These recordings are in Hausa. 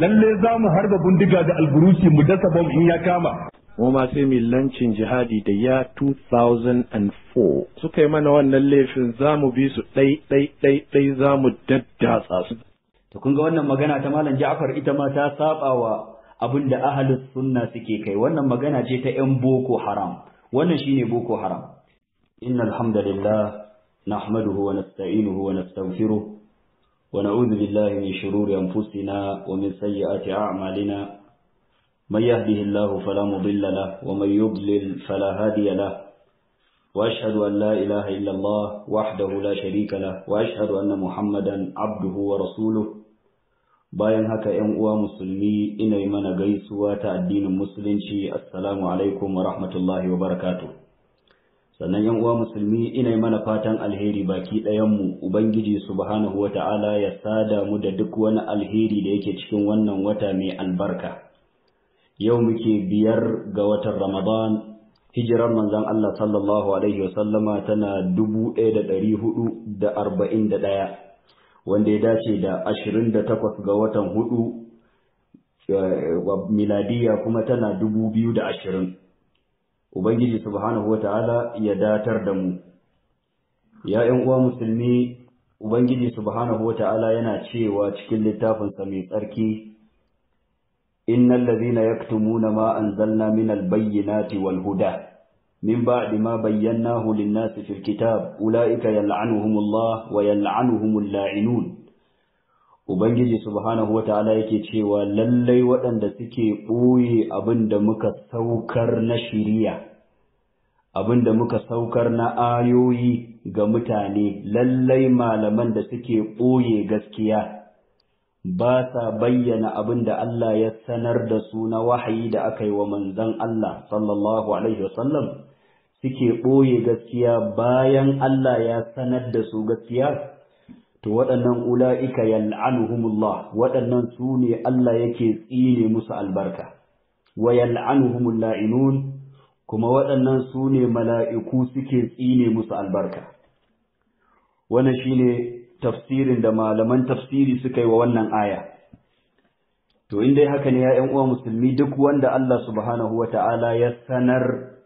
lalle za mu harba bindiga da alburushi mu dasa bom in ya kama mu sai mu lancin jihadi da ya 2004 suka yi mana wannan laifin za mu bi su ɗai ɗai ɗai ɗai za mu daddatsa su to kun ga wannan magana ta malam Ja'far ita ma ta saba wa abin da ahlus sunna suke kai wannan magana ce ta yan boko haram wannan shine boko haram innal hamdalillah nahmaduhu wa nasta'inuhu wa nastaghfiruh ونعوذ بالله من شرور أنفسنا ومن سيئات أعمالنا من يهده الله فلا مضل له ومن يضلل فلا هادي له وأشهد أن لا إله إلا الله وحده لا شريك له وأشهد أن محمدا عبده ورسوله bayan haka ‘yan uwa musulmi ina yi mana gaisuwa ta addinin musulunci assalamu alaikum wa rahmatullahi wa barakatuh sannan yan uwa musulmi ina yi mana fatan alheri baki ɗayan mu ubangiji subhanahu wa ta'ala ya sada mu da duk wani alheri da yake cikin wannan wata mai albarka yau muke biyar ga watan ramadan hijirar manzon Allah sallallahu alaihi wa sallama tana dubu ɗaya da ɗari hudu da arba'in da ɗaya wanda ya dace da ashirin da takwas ga watan hudu eh, miladiya kuma tana dubu biyu da ashirin ubangiji subhanahu wata'ala ya datar da mu ya uwa musulmi ubangiji subhanahu wata'ala yana cewa cikin littafin mai tsarki innal lazina yaktumuna ma anzalna minal bayyinati wal huda min ba'di ma bayyanahu lin-nasi fil kitab ulaika yal'anuhumullah wa yal'anuhumul la'inun Ubangiji subhanahu wa ta'ala yake cewa lallai waɗanda suke ɓoye abin da muka saukar na shiriya, abin da muka saukar na ayoyi ga mutane, lallai malaman da suke ɓoye gaskiya ba sa bayyana abin da Allah ya sanar da su na wahayi da aka yi wa manzan Allah sallallahu Alaihi wasallam suke ɓoye gaskiya bayan Allah ya sanar da su gaskiya. to waɗannan ula'ika yal'anuhumullah waɗannan su ne Allah yake tsine musu albarka wa yal'anuhumul kuma waɗannan su ne mala'iku suke tsine musu albarka wannan shine tafsirin da malaman tafsiri suka yi wa wannan aya to in dai haka ne ya uwa musulmi duk wanda Allah subhanahu Ta'ala ya sanar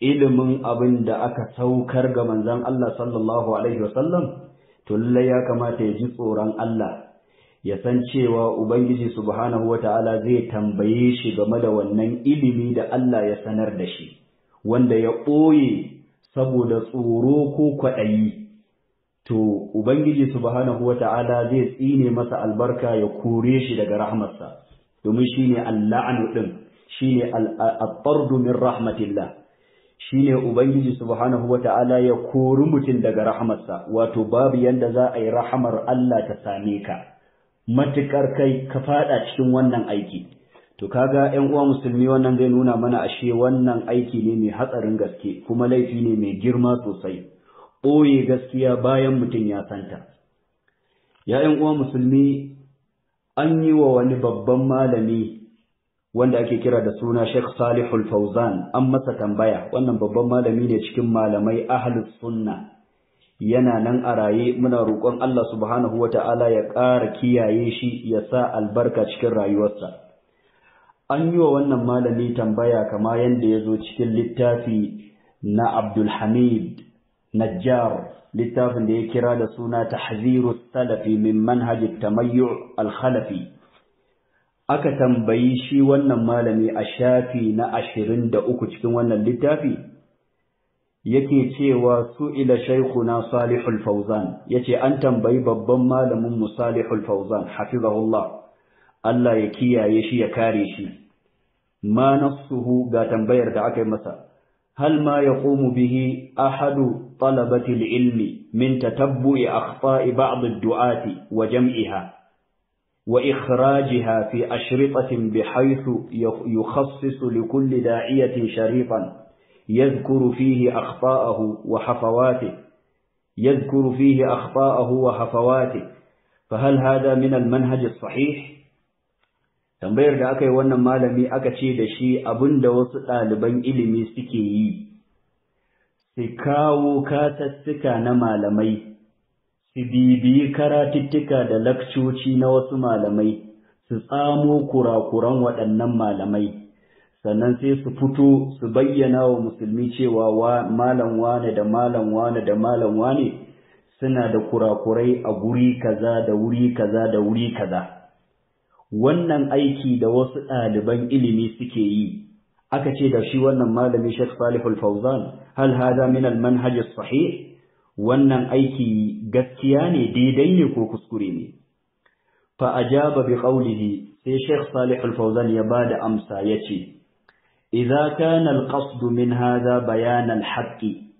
ilimin abin da aka saukar ga manzan Allah sallallahu Alaihi wasallam to lallai ya kamata ya ji tsoron Allah ya san cewa Ubangiji subhanahu wa ta'ala zai tambaye shi game da wannan ilimi da Allah ya sanar da shi, wanda ya ɓoye saboda tsoro ko kwaɗayi. To, Ubangiji subhanahu wa ta'ala zai tsine masa albarka ya kore shi daga rahmarsa, domin shi ne alla'anu ɗin, shi ne al'abbardu min rahmatillah. Shi ne ubangiji subhanahu ta'ala ya kori mutum daga rahamarsa wato babu yadda za a yi rahamar Allah ta same ka matukar kai ka faɗa cikin wannan aiki to kaga 'yan uwa musulmi wannan zai nuna mana ashe wannan aiki ne mai hatsarin gaske kuma laifi ne mai girma sosai ɓoye gaskiya bayan mutum ya santa Ya'yan uwa musulmi an yi wa wani babban malami wanda ake kira da suna Sheikh Salihul Fauzan an masa tambaya wannan babban malami ne cikin malamai ahlus sunna yana nan a raye muna roƙon Allah subhanahu wata'ala ya ƙara kiyaye shi ya sa albarka cikin rayuwarsa an yi wa wannan malami tambaya kama yadda ya zo cikin littafi na Abdul Hamid Najjar littafin da ya kira da suna Tahziru Salafi min manhajit tamayyu al-khalafi aka tambayi shi wannan malami a shafi na ashirin da uku cikin wannan littafi yake cewa su su'ila shaikhuna salihul fauzan yace an tambayi babban malamin mu salihul fauzan hafizahullah Allah ya kiyaye shi ya kare shi ma nafsuhu ga tambayar da aka yi masa hal ma yaqumu bihi ahadu talabati al-ilmi min tatabbu'i akhta'i ba'd ad-du'ati wa jam'iha وإخراجها في أشرطة بحيث يخصص لكل داعية شريطا يذكر فيه أخطاءه وحفواته يذكر فيه أخطاءه وحفواته فهل هذا من المنهج الصحيح؟ تنبير da aka yi wannan malami aka ce da shi abin da wasu ɗaliban ilimi suke yi su kawo katattuka na malamai su bibiyi karatuttuka da lakcoci na wasu malamai su tsamo kurakuran waɗannan malamai sannan sai su fito su bayyana wa musulmi cewa malamwa malam wane da malam wane da malam wane suna da kurakurai a guri kaza da wuri kaza da wuri kaza wannan aiki da wasu ɗaliban ilimi suke yi aka ce da shi wannan malami Sheikh Salih al hal hada min al-manhaj as-sahih wannan aiki gaskiya ne daidai ne ko kuskure ne fa ajaba bi qawlihi sai Sheikh Salih Al-Fawzan ya bada amsa yace idza kana al-qasd min hadha bayan al-haqqi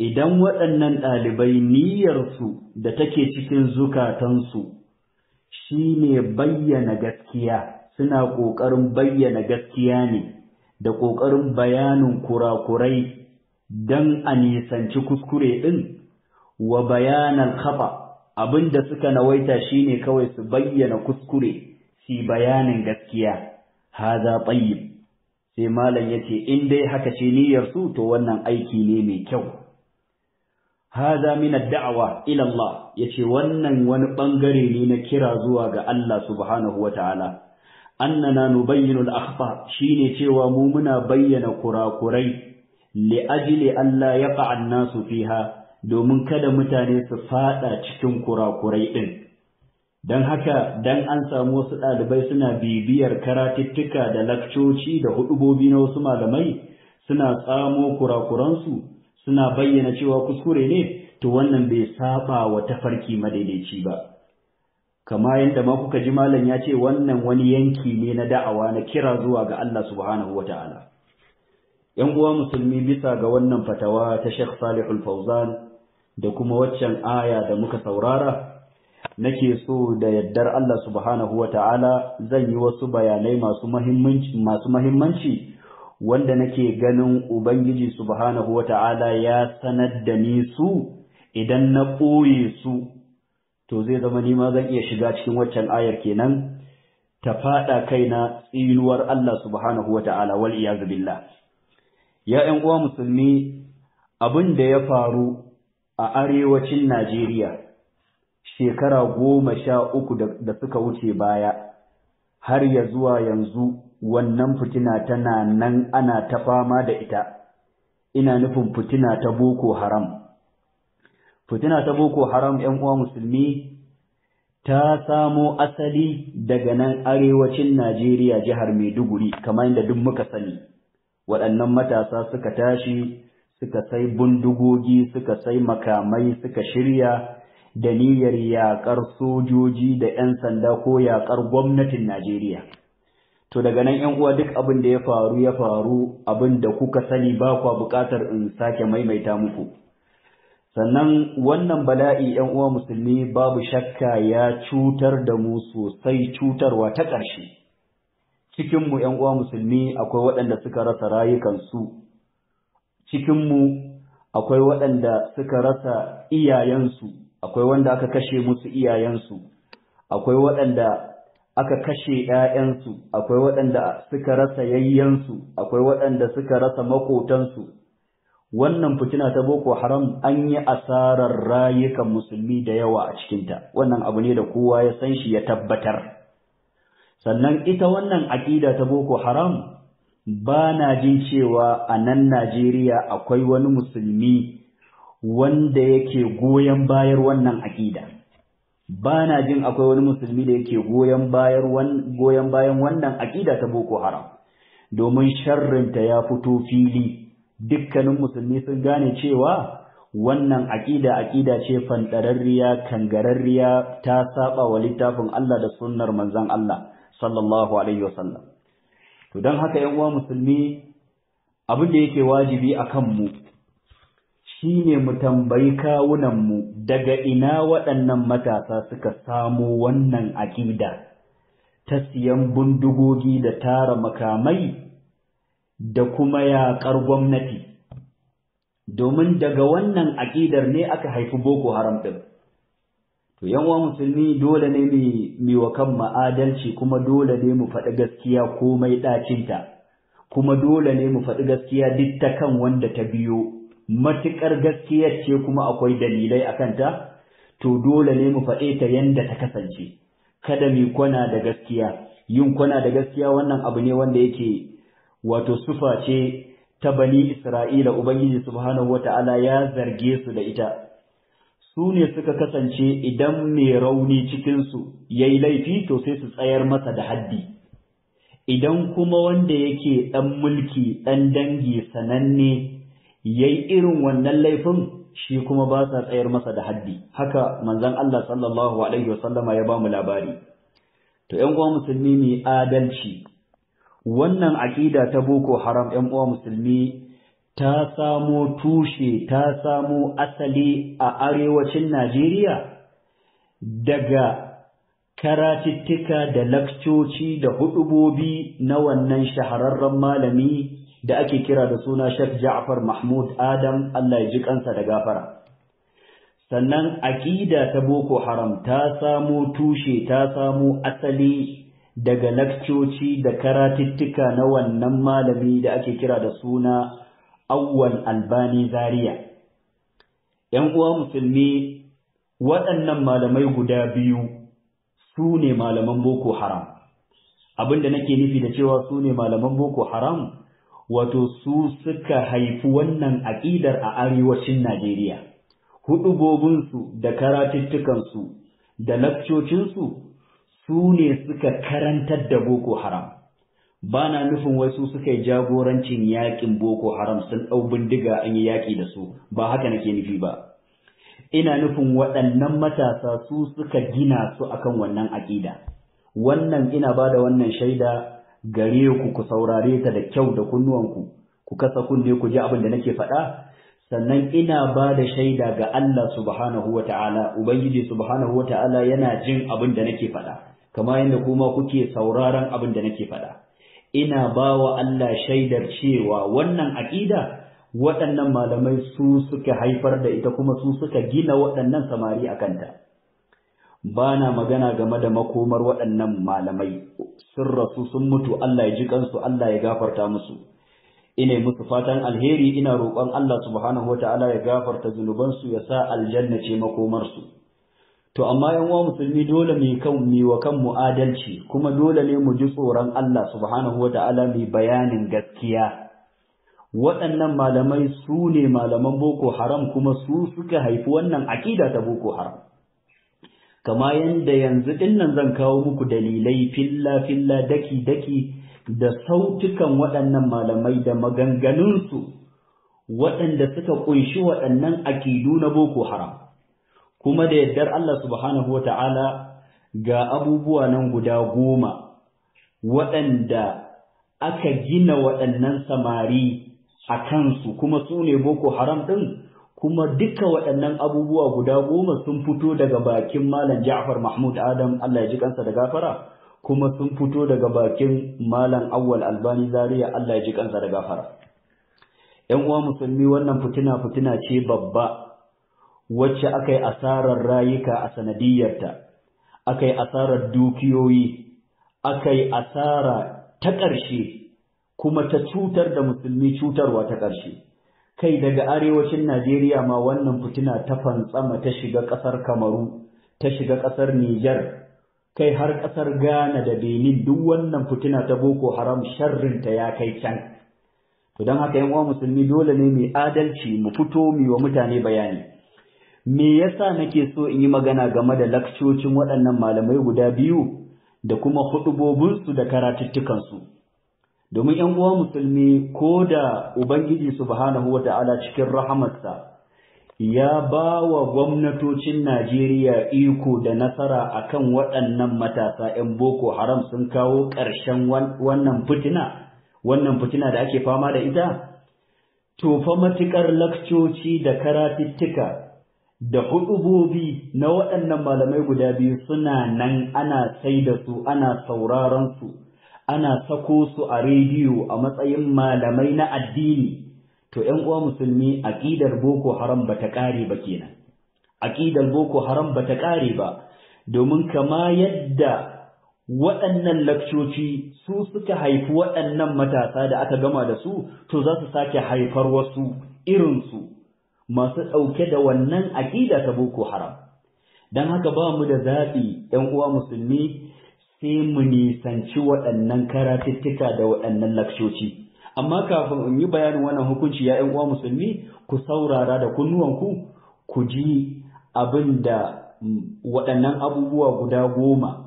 idan waɗannan ɗalibai niyyarsu da take cikin zukatansu shi ne bayyana gaskiya suna ƙoƙarin bayyana gaskiya ne da ƙoƙarin bayanin kurakurai dan a nisanci kuskure ɗin wa bayanan kafa abinda suka nawaita shine kawai su bayyana kuskure si bayanin gaskiya haza tsayyib sai malam yace. in dai haka ce niyyarsu to wannan aiki ne mai kyau haza min da'awa ila Allah yace wannan wani bangare ne na kira zuwa ga Allah subhanahu wataala annana nubayyinul akhfa shine cewa mu muna bayyana kurakurai li'ajili Allah ya fa'an nasu fiha domin kada mutane su fada cikin kurakurai ɗin. Don haka, don an samu wasu ɗalibai suna bibiyar karatuttuka da lakcoci da huɗubobi na wasu malamai suna tsamo kurakuransu suna bayyana cewa kuskure ne, to wannan bai saba wa tafarki madaidaici ba. Kama yadda ma kuka ji malam ya ce wannan wani yanki ne na da'awa na kira zuwa ga Allah subhanahu wa ta'ala. ‘Yan uwa musulmi bisa ga wannan fatawa ta Sheikh Salihul Fauzan da kuma waccan aya da muka saurara, nake so da yaddar Allah subhanahu wa ta'ala zan yi wasu bayanai masu mahimmanci wanda nake ganin Ubangiji subhanahu wa ta'ala ya sanar da ni su idan na ɓoye su, to zai zama nima zan iya shiga cikin waccan ayar kenan ta faɗa kaina tsinuwar Allah subhanahu wa ta'ala wal ya ‘yan uwa musulmi abin da ya faru a arewacin Najeriya shekara goma sha uku da suka wuce baya har ya zuwa yanzu wannan fitina tana nan ana ta fama da ita ina nufin fitina ta boko haram fitina ta boko haram ‘yan uwa musulmi ta samo asali daga nan arewacin Najeriya jihar Maiduguri kamar yadda duk muka sani. waɗannan matasa suka tashi suka sai bindigogi suka sai makamai suka shirya da niyyar yaƙar sojoji da 'yan sanda ko yaƙar gwamnatin Najeriya. To daga nan 'yan uwa duk abin da ya faru ya faru abin da kuka sani ba kwa buƙatar in sake maimaita muku. Sannan wannan bala'i 'yan uwa musulmi babu shakka ya cutar da mu sosai cutarwa ta ƙarshe. cikinmu ‘yan uwa musulmi akwai waɗanda suka rasa rayukansu, cikinmu akwai waɗanda suka rasa iyayensu, akwai wanda aka kashe musu iyayensu, akwai waɗanda aka kashe ‘ya'yansu, akwai waɗanda suka rasa yayyansu, akwai waɗanda suka rasa makotansu. Wannan fitina ta Boko Haram an yi asarar rayukan musulmi da yawa a cikinta, wannan abu ne da kowa ya san shi ya tabbatar. sannan ita wannan aƙida ta boko haram ba na jin cewa a nan Najeriya akwai wani musulmi wanda yake goyon bayar wannan aƙida ba na jin akwai wani musulmi da yake goyon bayar bayan wannan aƙida ta boko haram domin sharrinta ya fito fili dukkanin musulmi sun gane cewa wannan aƙida aƙida ce fanɗararriya kangararriya ta saba wa littafin Allah da sunnar manzon Allah sallallahu alaihi wasallam to don haka yan uwa musulmi abin da yake wajibi a kanmu shine mu tambayi kawunanmu daga ina waɗannan matasa suka samo wannan aƙida ta siyan bindigogi da tara makamai da kuma yaƙar gwamnati domin daga wannan aƙidar ne aka haifi boko haram ɗin to yan uwa musulmi dole ne mu wa kan ma'adalci kuma dole ne mu faɗi gaskiya komai ɗacinta kuma dole ne mu faɗi gaskiya duk ta kan wanda ta biyo matuƙar gaskiyar ce kuma akwai dalilai a kanta to dole ne mu faɗe ta yanda ta kasance kada mu kwana da gaskiya yin kwana da gaskiya wannan abu ne wanda yake wato sufa ce ta bani Isra'ila Ubangiji Subhanahu wa ta'ala ya zarge su da ita, su ne suka kasance idan mai rauni cikinsu ya yi laifi to sai su tsayar masa da haddi idan kuma wanda yake ɗan mulki ɗan dangi sananne ya yi irin wannan laifin shi kuma ba sa tsayar masa da haddi haka manzon Allah sallallahu alaihi wasallama ya ba mu labari to yanuwa uwa musulmi mai adalci wannan aƙida ta boko haram 'yan uwa musulmi ta samo tushe ta samo asali a arewacin Najeriya daga karatittika da lakcoci da hudubobi na wannan shahararren malami da ake kira da suna Sheikh Ja'far Mahmud Adam Allah ya ji kansa da gafara sannan aƙida ta Boko Haram ta samo tushe ta samo asali daga lakcoci da karatittika na wannan malami da ake kira da suna awwal albani Zariya, ‘yan uwa musulmi waɗannan malamai guda biyu su ne malaman boko haram abinda nake nufi da cewa su ne malaman boko haram wato su suka haifi wannan aƙidar a arewacin najeriya huɗubobinsu da karatuttukansu da lakcocinsu su ne suka karantar da boko haram ba na nufin wasu su suka yi jagorancin yaƙin boko haram sun ɗau bindiga an yi yaƙi da su ba haka nake nufi ba ina nufin waɗannan matasa su suka gina su akan wannan aƙida wannan ina ba da wannan shaida gare ku ku saurare ta da kyau da kunnuwanku ku kasa kunne ku ji abin da nake faɗa sannan ina ba da shaida ga Allah subhanahu wa ubangiji subhanahu wa yana jin abin da nake faɗa Kamar yadda kuma kuke sauraron abin da nake faɗa ina ba wa Allah shaidar cewa wannan aƙida waɗannan malamai su suka haifar da ita kuma su suka gina waɗannan samari a kanta. Ba na magana game da makomar waɗannan malamai, sun rasu sun mutu Allah ya ji kansu Allah ya gafarta musu. ina musu fatan alheri ina roƙon Allah subhanahu ta'ala ya gafarta zunubansu ya sa aljanna ce makomarsu to amma yan musulmi dole mu kan mu wa kanmu adalci kuma dole ne mu ji tsoron Allah subhanahu ta’ala mai bayanin gaskiya waɗannan malamai su ne malaman boko haram kuma su suka haifi wannan akida ta boko haram kama yanda yanzu dinnan zan kawo muku dalilai filla filla daki daki da sautukan waɗannan malamai da maganganunsu waɗanda suka ƙunshi waɗannan akidu na Boko Haram. kuma da yardar Allah subhanahu wata'ala ga abubuwa nan guda goma waɗanda aka gina waɗannan samari a kansu kuma su ne boko haram ɗin kuma duka waɗannan abubuwa guda goma sun fito daga bakin malam ja'far mahmud adam Allah ya ji kansa da gafara kuma sun fito daga bakin malam awwal albani zaria Allah ya ji kansa da gafara Yan uwa musulmi wannan fitina fitina ce babba wacce aka asarar rayuka a sanadiyarta, aka yi asarar dukiyoyi, akai asara ta ƙarshe, kuma ta cutar da musulmi cutarwa ta ƙarshe. Kai daga arewacin Najeriya ma wannan fitina ta fantsama ta shiga ƙasar Kamaru, ta shiga ƙasar Nijar, kai har ƙasar Ghana da Benin duk wannan fitina ta Boko Haram sharrinta ya kai can. To don haka ‘yan uwa musulmi dole ne mai adalci mu fito mu wa mutane bayani. me yasa nake so in yi magana game da lakcocin waɗannan malamai guda biyu da kuma hudubobinsu da karatuttukansu domin ‘yan uwa musulmi ko da Ubangiji subhanahu wa ta'ala cikin rahamarsa ya ba wa gwamnatocin Najeriya iko da nasara a kan waɗannan matasa ‘yan Boko Haram sun kawo ƙarshen wannan fitina, wannan fitina da ake fama da ita? Tofa matuƙar lakcoci da karatuttuka da hudubobi na waɗannan malamai guda biyu suna nan ana sai da su ana sauraron su ana sako su a rediyo a matsayin malamai na addini to ƴan uwa musulmi aqidar boko haram ba ta ƙare ba kenan aqidar boko haram ba ta ƙare ba domin kama yadda waɗannan lakcoci su suka haifi waɗannan matasa da aka gama da su to za su sake haifar wasu irinsu masu ɗauke da wannan aƙida ta boko haram don haka ba mu da zaɓi ‘yan uwa musulmi sai mu nisanci waɗannan karatuttuka da waɗannan lakshoci amma kafin in yi bayanin wannan hukunci ya ‘yan uwa musulmi ku saurara da kunnuwanku ku ji abin da waɗannan abubuwa guda goma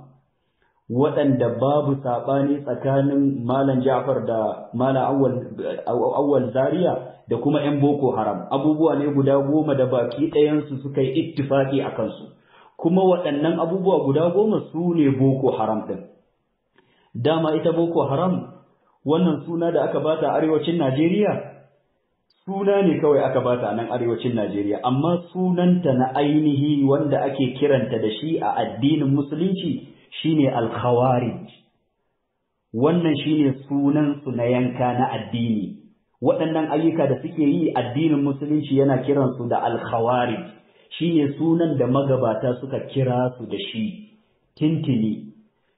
waɗanda babu saɓani tsakanin Malam Ja'far da Malam Awwal Zaria da kuma 'yan Boko Haram. Abubuwa ne guda goma da baki ɗayansu suka yi ittifaƙi a kansu. Kuma waɗannan abubuwa guda goma su ne Boko Haram ɗin. Dama ita Boko Haram wannan suna da aka bata arewacin Najeriya suna ne kawai aka bata nan arewacin Najeriya amma sunanta na ainihi wanda ake kiranta da shi a addinin Musulunci shine al-khawarij wannan shine sunan su na yanka na addini waɗannan ayyuka da suke yi addinin musulunci yana kiransu da al-khawarij shine sunan da magabata suka kira su da shi tintini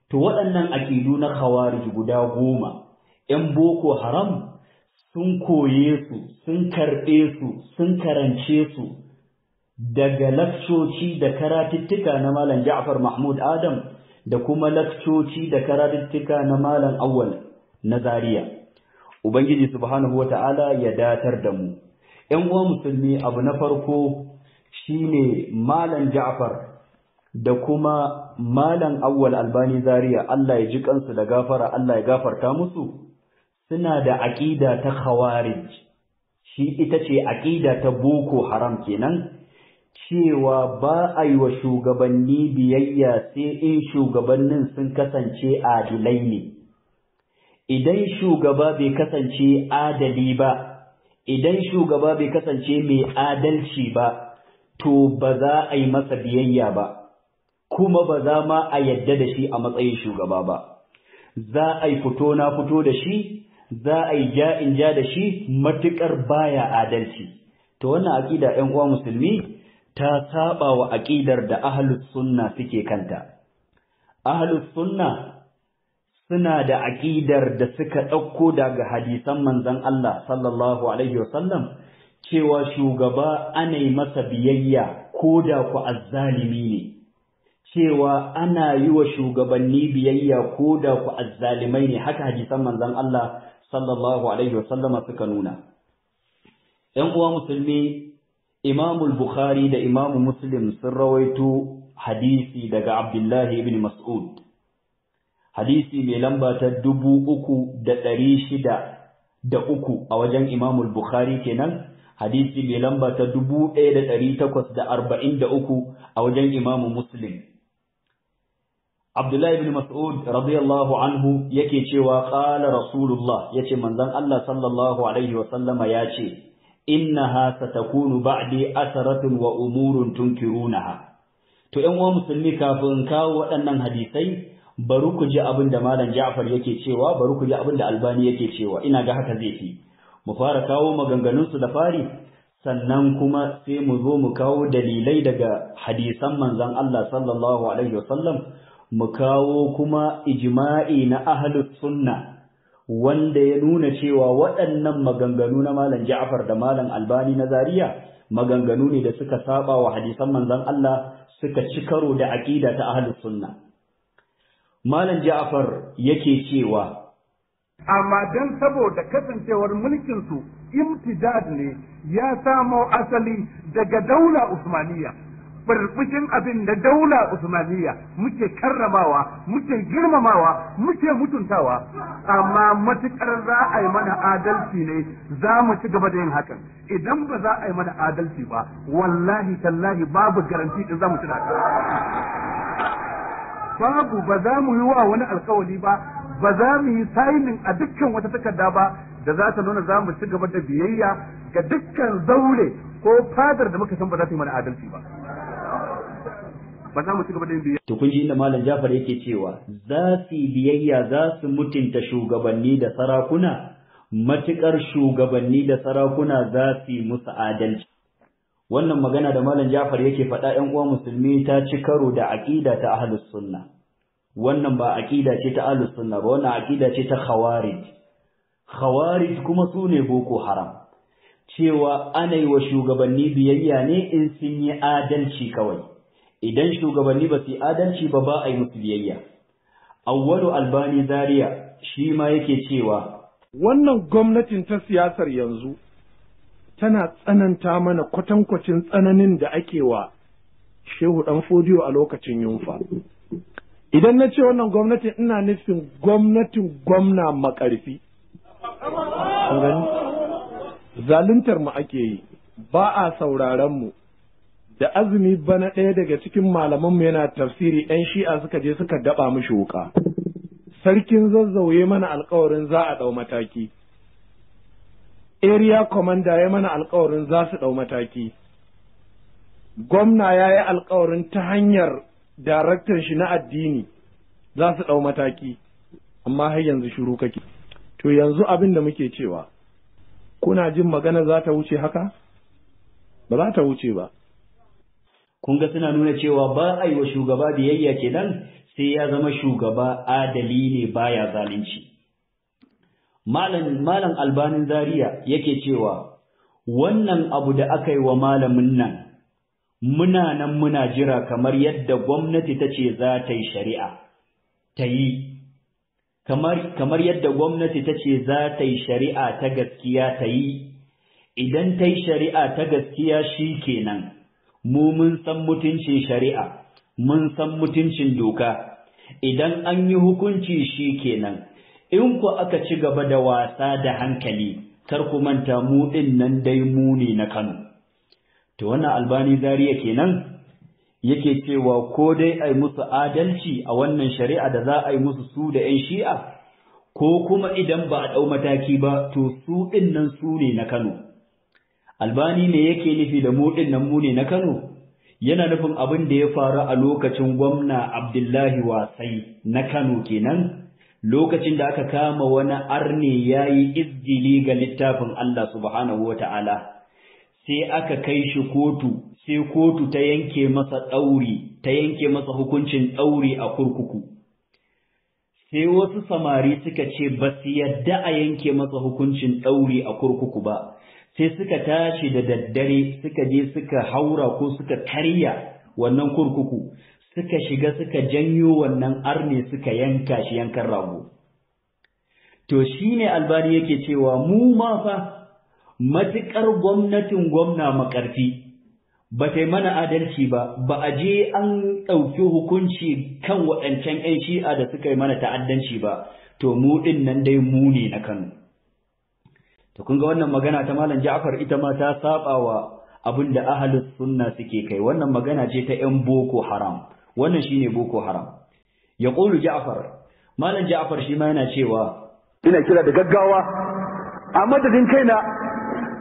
to waɗannan aƙidu na khawarij guda goma ‘yan boko haram sun koye su sun karɓe su sun karance su daga lafcoci da karatuttuka na malam ja'far mahmud adam da kuma lakcoci da karatuttuka na malam awwal na Zariya, ubangiji subhanahu wataala ya datar da mu ƴan uwa musulmi abu na farko shine malam Ja'far da kuma malam awwal albani Zariya. Allah ya ji kansu da gafara Allah ya gafarta musu suna da aqida ta khawarij shi ita ce aqida ta boko haram kenan cewa ba a yi wa shugabanni biyayya sai in shugabannin sun kasance adilai ne idan shugaba bai kasance adali ba idan shugaba bai kasance mai adalci ba to ba za a yi masa biyayya ba kuma ba za ma a yadda da shi a matsayin shugaba ba za a yi fito na fito da shi za a yi ja in ja da shi matuƙar baya adalci to wannan aƙida 'yan uwa musulmi ta saba wa aƙidar da ahlus sunna suke kanta ahlus sunna suna da aƙidar da suka ɗauko daga hadisan manzon Allah sallallahu alaihi wasallam cewa shugaba ana yi masa biyayya ko da ku azzalimi ne cewa ana yi wa shugabanni biyayya ko da ku azzalimai ne haka hadisan manzon Allah sallallahu alaihi wasallama suka nuna ‘yan uwa musulmi Imamul Bukhari da Imam Muslim sun rawaito hadisi daga Abdullahi ibn Mas'ud. Hadisi mai lamba ta dubu uku da ɗari shida da uku a wajen Imamul Bukhari kenan, hadisi mai lamba ta dubu ɗaya da ɗari takwas da arba'in da uku a wajen Imam Muslim. Abdullahi ibn Mas'ud radiyallahu anhu yake cewa qala Rasulullah yace manzon Allah sallallahu alaihi wa sallama ya ce innaha satakunu ba'di asaratun wa umurun tunkirunaha to ƴan uwan musulmi kafin kawo waɗannan hadisai bari ku ji abin malam Ja'far yake cewa bari ku ji abin da Albani yake cewa ina ga haka zai fi mu fara kawo maganganun su da fari sannan kuma sai mu zo mu kawo dalilai daga hadisan manzon Allah sallallahu alaihi wasallam mu kawo kuma ijma'i na ahlus sunna wanda ya nuna cewa waɗannan maganganu na Malam Ja'far da Malam Albani na Zariya, maganganu ne da suka saba wa hadisan manzon Allah suka ci karo da aqida ta ahlus sunna. Malam Ja'far yake cewa amma dan saboda kasancewar mulkin su imtidad ne ya samo asali daga daula Usmaniyya barbishin abin da daula Usmaniyya muke karramawa muke girmamawa muke mutuntawa amma matukar za a yi mana adalci ne za mu ci gaba da yin hakan idan ba za a yi mana adalci ba wallahi tallahi babu garanti da za mu ci babu ba za mu yi wa wani alkawari ba ba za mu yi sainin a dukkan wata takarda ba da za ta nuna za mu ci gaba da biyayya ga dukkan zaure ko fadar da muka san ba za ta yi mana adalci ba ba za mu ci gaba da yin biyayya to kun ji inda malam Jafar yake cewa za su biyayya za su mutunta shugabanni da sarakuna matukar shugabanni da sarakuna za su musu adalci wannan magana da malam Jafar yake faɗa 'yan uwa musulmi ta ci karo da aƙida ta ahlus sunna wannan ba aqida ce ta ahlus sunna ba wannan aqida ce ta khawarij khawarij kuma su ne boko haram cewa ana yi wa shugabanni biyayya ne in sun yi adalci kawai idan shugabanni ba su yi adalci ba ba a yi musu biyayya awwalu albani zaria shi ma yake cewa wannan gwamnatin ta siyasar yanzu tana tsananta mana kwatankwacin tsananin da ake wa shehu dan fodiyo a lokacin yunfa idan na ce wannan gwamnatin ina nufin gwamnatin gwamna makarfi zaluntar mu ake yi ba a sauraron mu da azumi bana ɗaya daga cikin malamanmu yana tafsiri 'yan shi'a suka je suka daɓa mishi wuƙa sarkin zazzauye mana alkawarin za a ɗau mataki area commander ya mana alkawarin za su ɗau mataki gwamna ya yi alkawarin ta hanyar daraktan shi na addini za su ɗau mataki amma har yanzu shiru kake to yanzu abin da muke cewa kuna jin magana za ta wuce haka ba za ta wuce ba kun ga suna nuna cewa ba a yi wa shugaba biyayya kenan sai ya zama shugaba adali ne baya zalunci malam malam albanin zaria yake cewa wannan abu da aka yi wa malamin nan muna nan muna jira kamar yadda gwamnati ta ce za ta yi shari'a ta yi kamar kamar yadda gwamnati ta ce za ta yi shari'a ta gaskiya ta yi idan ta yi shari'a ta gaskiya shi kenan mu mun san mutuncin shari'a mun san mutuncin doka idan an yi hukunci shi kenan in ku aka ci gaba da wasa da hankali kar ku manta mu ɗin nan dai mu ne na Kano to wannan albani zariya kenan yake cewa ko dai a musu adalci a wannan shari'a da za a yi musu su da 'yan shi'a ko kuma idan ba a ɗau mataki ba to su ɗin nan su ne na Kano albani ne yake nufi da mudin nan mune na Kano yana nufin abin da ya faru a lokacin gwamna Abdullahi Wasai na Kano kenan lokacin da aka kama wani arne yayi izgili ga littafin Allah subhanahu wataala sai aka kai shi kotu sai kotu ta yanke masa ɗauri ta yanke masa hukuncin ɗauri a kurkuku sai wasu samari suka ce ba su yadda a yanke masa hukuncin ɗauri a kurkuku ba sai suka tashi da daddare suka je suka haura ko suka karya wannan kurkuku suka shiga suka janyo wannan arne suka yanka shi yankan rago to shine albani yake cewa mu ma fa matuƙar gwamnatin gwamna makarfi ba ta mana adalci ba ba a je an ɗauki hukunci kan waɗancan 'yan shi'a da suka yi mana ta'addanci ba to mu ɗin nan dai mu ne na Kano to kun ga wannan magana ta malam Ja'far ita ma ta saba wa abin da ahlus sunna suke kai wannan magana ce ta yan boko haram wannan shine boko haram yaqulu Ja'far malam Ja'far shi ma yana cewa ina kira da gaggawa a madadin kaina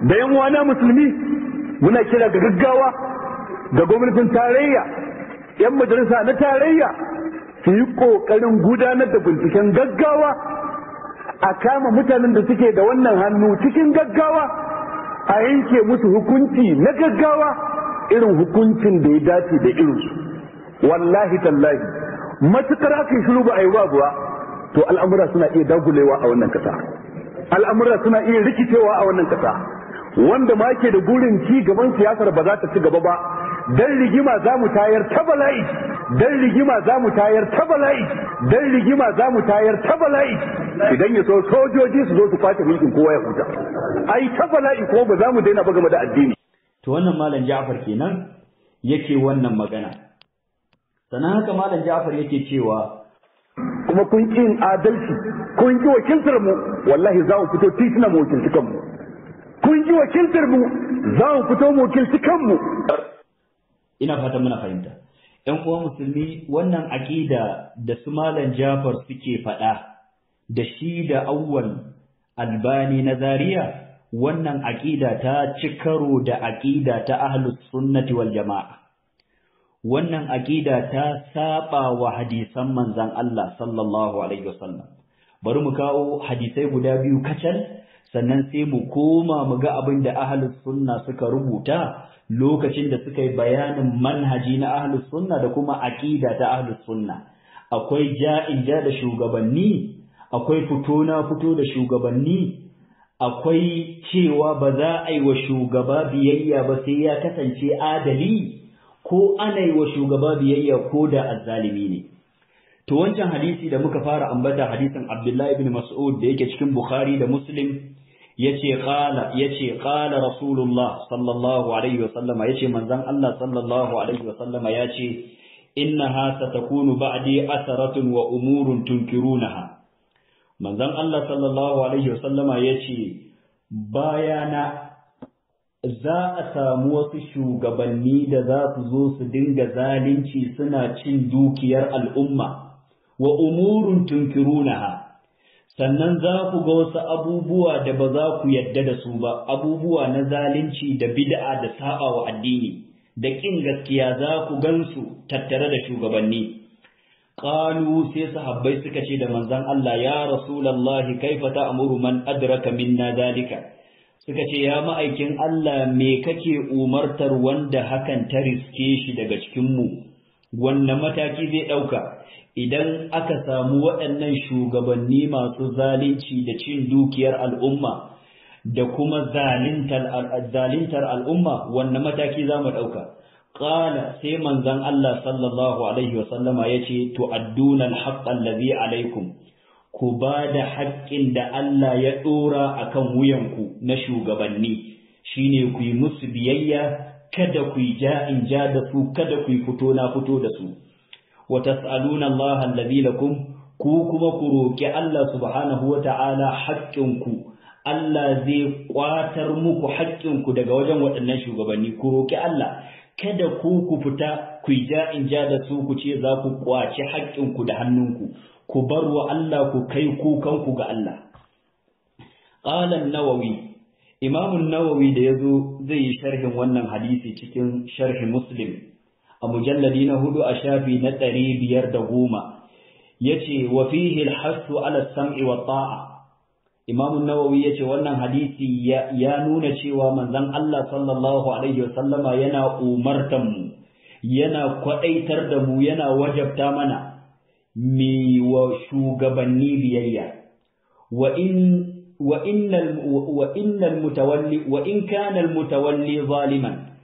da yan uwana musulmi muna kira da gaggawa ga gwamnatin tarayya yan majalisa na tarayya su yi kokarin gudanar da binciken gaggawa a kama mutanen da suke da wannan hannu cikin gaggawa a yanke musu hukunci na gaggawa irin hukuncin da ya dace da irinsu wallahi tallahi matuƙar aka shiru ba a yi babuwa to al'amura suna iya dagulewa a wannan kasa al'amura suna iya rikicewa a wannan kasa wanda ma ke da burin ci gaban siyasar ba za ta ci gaba ba dan rigima za mu tayar ta bala'i dan rigima za mu tayar ta bala'i dan rigima za mu tayar ta bala'i idan ya so sojoji su zo su kwace mulkin kowa ya huta ai ta bala'i ko ba za mu daina ba game da addini to wannan malam Ja'far kenan yake wannan magana sanan haka malam Ja'far yake cewa kuma kun kin adalci kun ƙi wakiltar mu wallahi za mu fito titina mu wakilci kanmu kun ƙi wakiltar mu za mu fito mu wakilci kanmu ina fatan muna fahimta 'yan uwa musulmi wannan aƙida da su malam Ja'far suke faɗa da shi da awwal albani na Zariya, wannan aƙida ta cikaro da aƙida ta ahlus sunnati wal jama'a wannan aƙida ta saba wa hadisan manzan Allah sallallahu alaihi wasallam bari mu kawo hadisai guda biyu kacal sannan sai mu koma mu ga abin da ahlus sunna suka rubuta lokacin da suka yi bayanin manhaji na ahlus sunna da kuma aƙida ta ahlus sunna akwai ja'in da shugabanni akwai fito na fito da shugabanni akwai cewa ba za a yi wa shugaba biyayya ba sai ya kasance adali ko ana yi wa shugaba biyayya ko da azzalimi ne to wancan hadisi da muka fara ambata hadisin Abdullahi bin Mas'ud da yake cikin Bukhari da Muslim yace qala yace qala Rasulullah sallallahu alaihi wa sallama yace manzon Allah sallallahu alaihi wa sallama yace innaha satakunu ba'di asaratun wa umurun tunkirunaha manzon Allah sallallahu alaihi wasallama ya ce bayana za a samu wasu shugabanni da za su zo su dinga zalunci suna cin dukiyar al'umma wa umurun tunkirunaha sannan za ku ga wasu abubuwa da ba za ku yadda da su ba abubuwa na zalunci da bid'a da sa'a wa addini da ƙin gaskiya za ku gansu tattare da shugabanni qalu sai sahabbai suka ce da manzon Allah ya rasulullahi kaifa ta'muru man adraka minna dalika suka ce ya ma'aikin Allah me kake umartar wanda hakan ta riske shi daga cikin mu wannan mataki zai dauka idan aka samu waɗannan shugabanni masu zalunci da cin dukiyar al'umma da kuma zalintar al'umma Wanne mataki za mu ɗauka qala sai manzon Allah sallallahu alaihi wasallama yace tu'adduna al-haqqa labi alaikum ku ba da haƙƙin da Allah ya ɗora a kan wuyanku na shugabanni shi ne ku yi musu biyayya kada ku yi ja'in ja da su kada ku yi fito na fito da su wa tas'aluna Allah allazi lakum ku kuma ku roƙi Allah subhanahu wa ta'ala haƙƙinku Allah zai ƙwatar muku haƙƙinku daga wajen waɗannan shugabanni ku roƙi Allah kada ku ku fita ku yi ja'in ja da su ku ce za ku kwaci haƙƙinku da hannunku ku bar wa Allah ku kai kukanku ga Allah qala nawawi imam nawawi da ya zo zai yi sharhin wannan hadisi cikin sharhi muslim a mujalladi na hudu a shafi na ɗari biyar da goma yace wa fihi al-hasu ala sam'i wa ta'a Imam Nawawi yace wannan hadisi ya nuna cewa manzon Allah sallallahu alaihi wasallama yana umartan mu yana kwadaitar da mu yana wajabta mana mi wa shugabanni biyayya wa in wa innal wa innal mutawalli wa in kana al mutawalli zaliman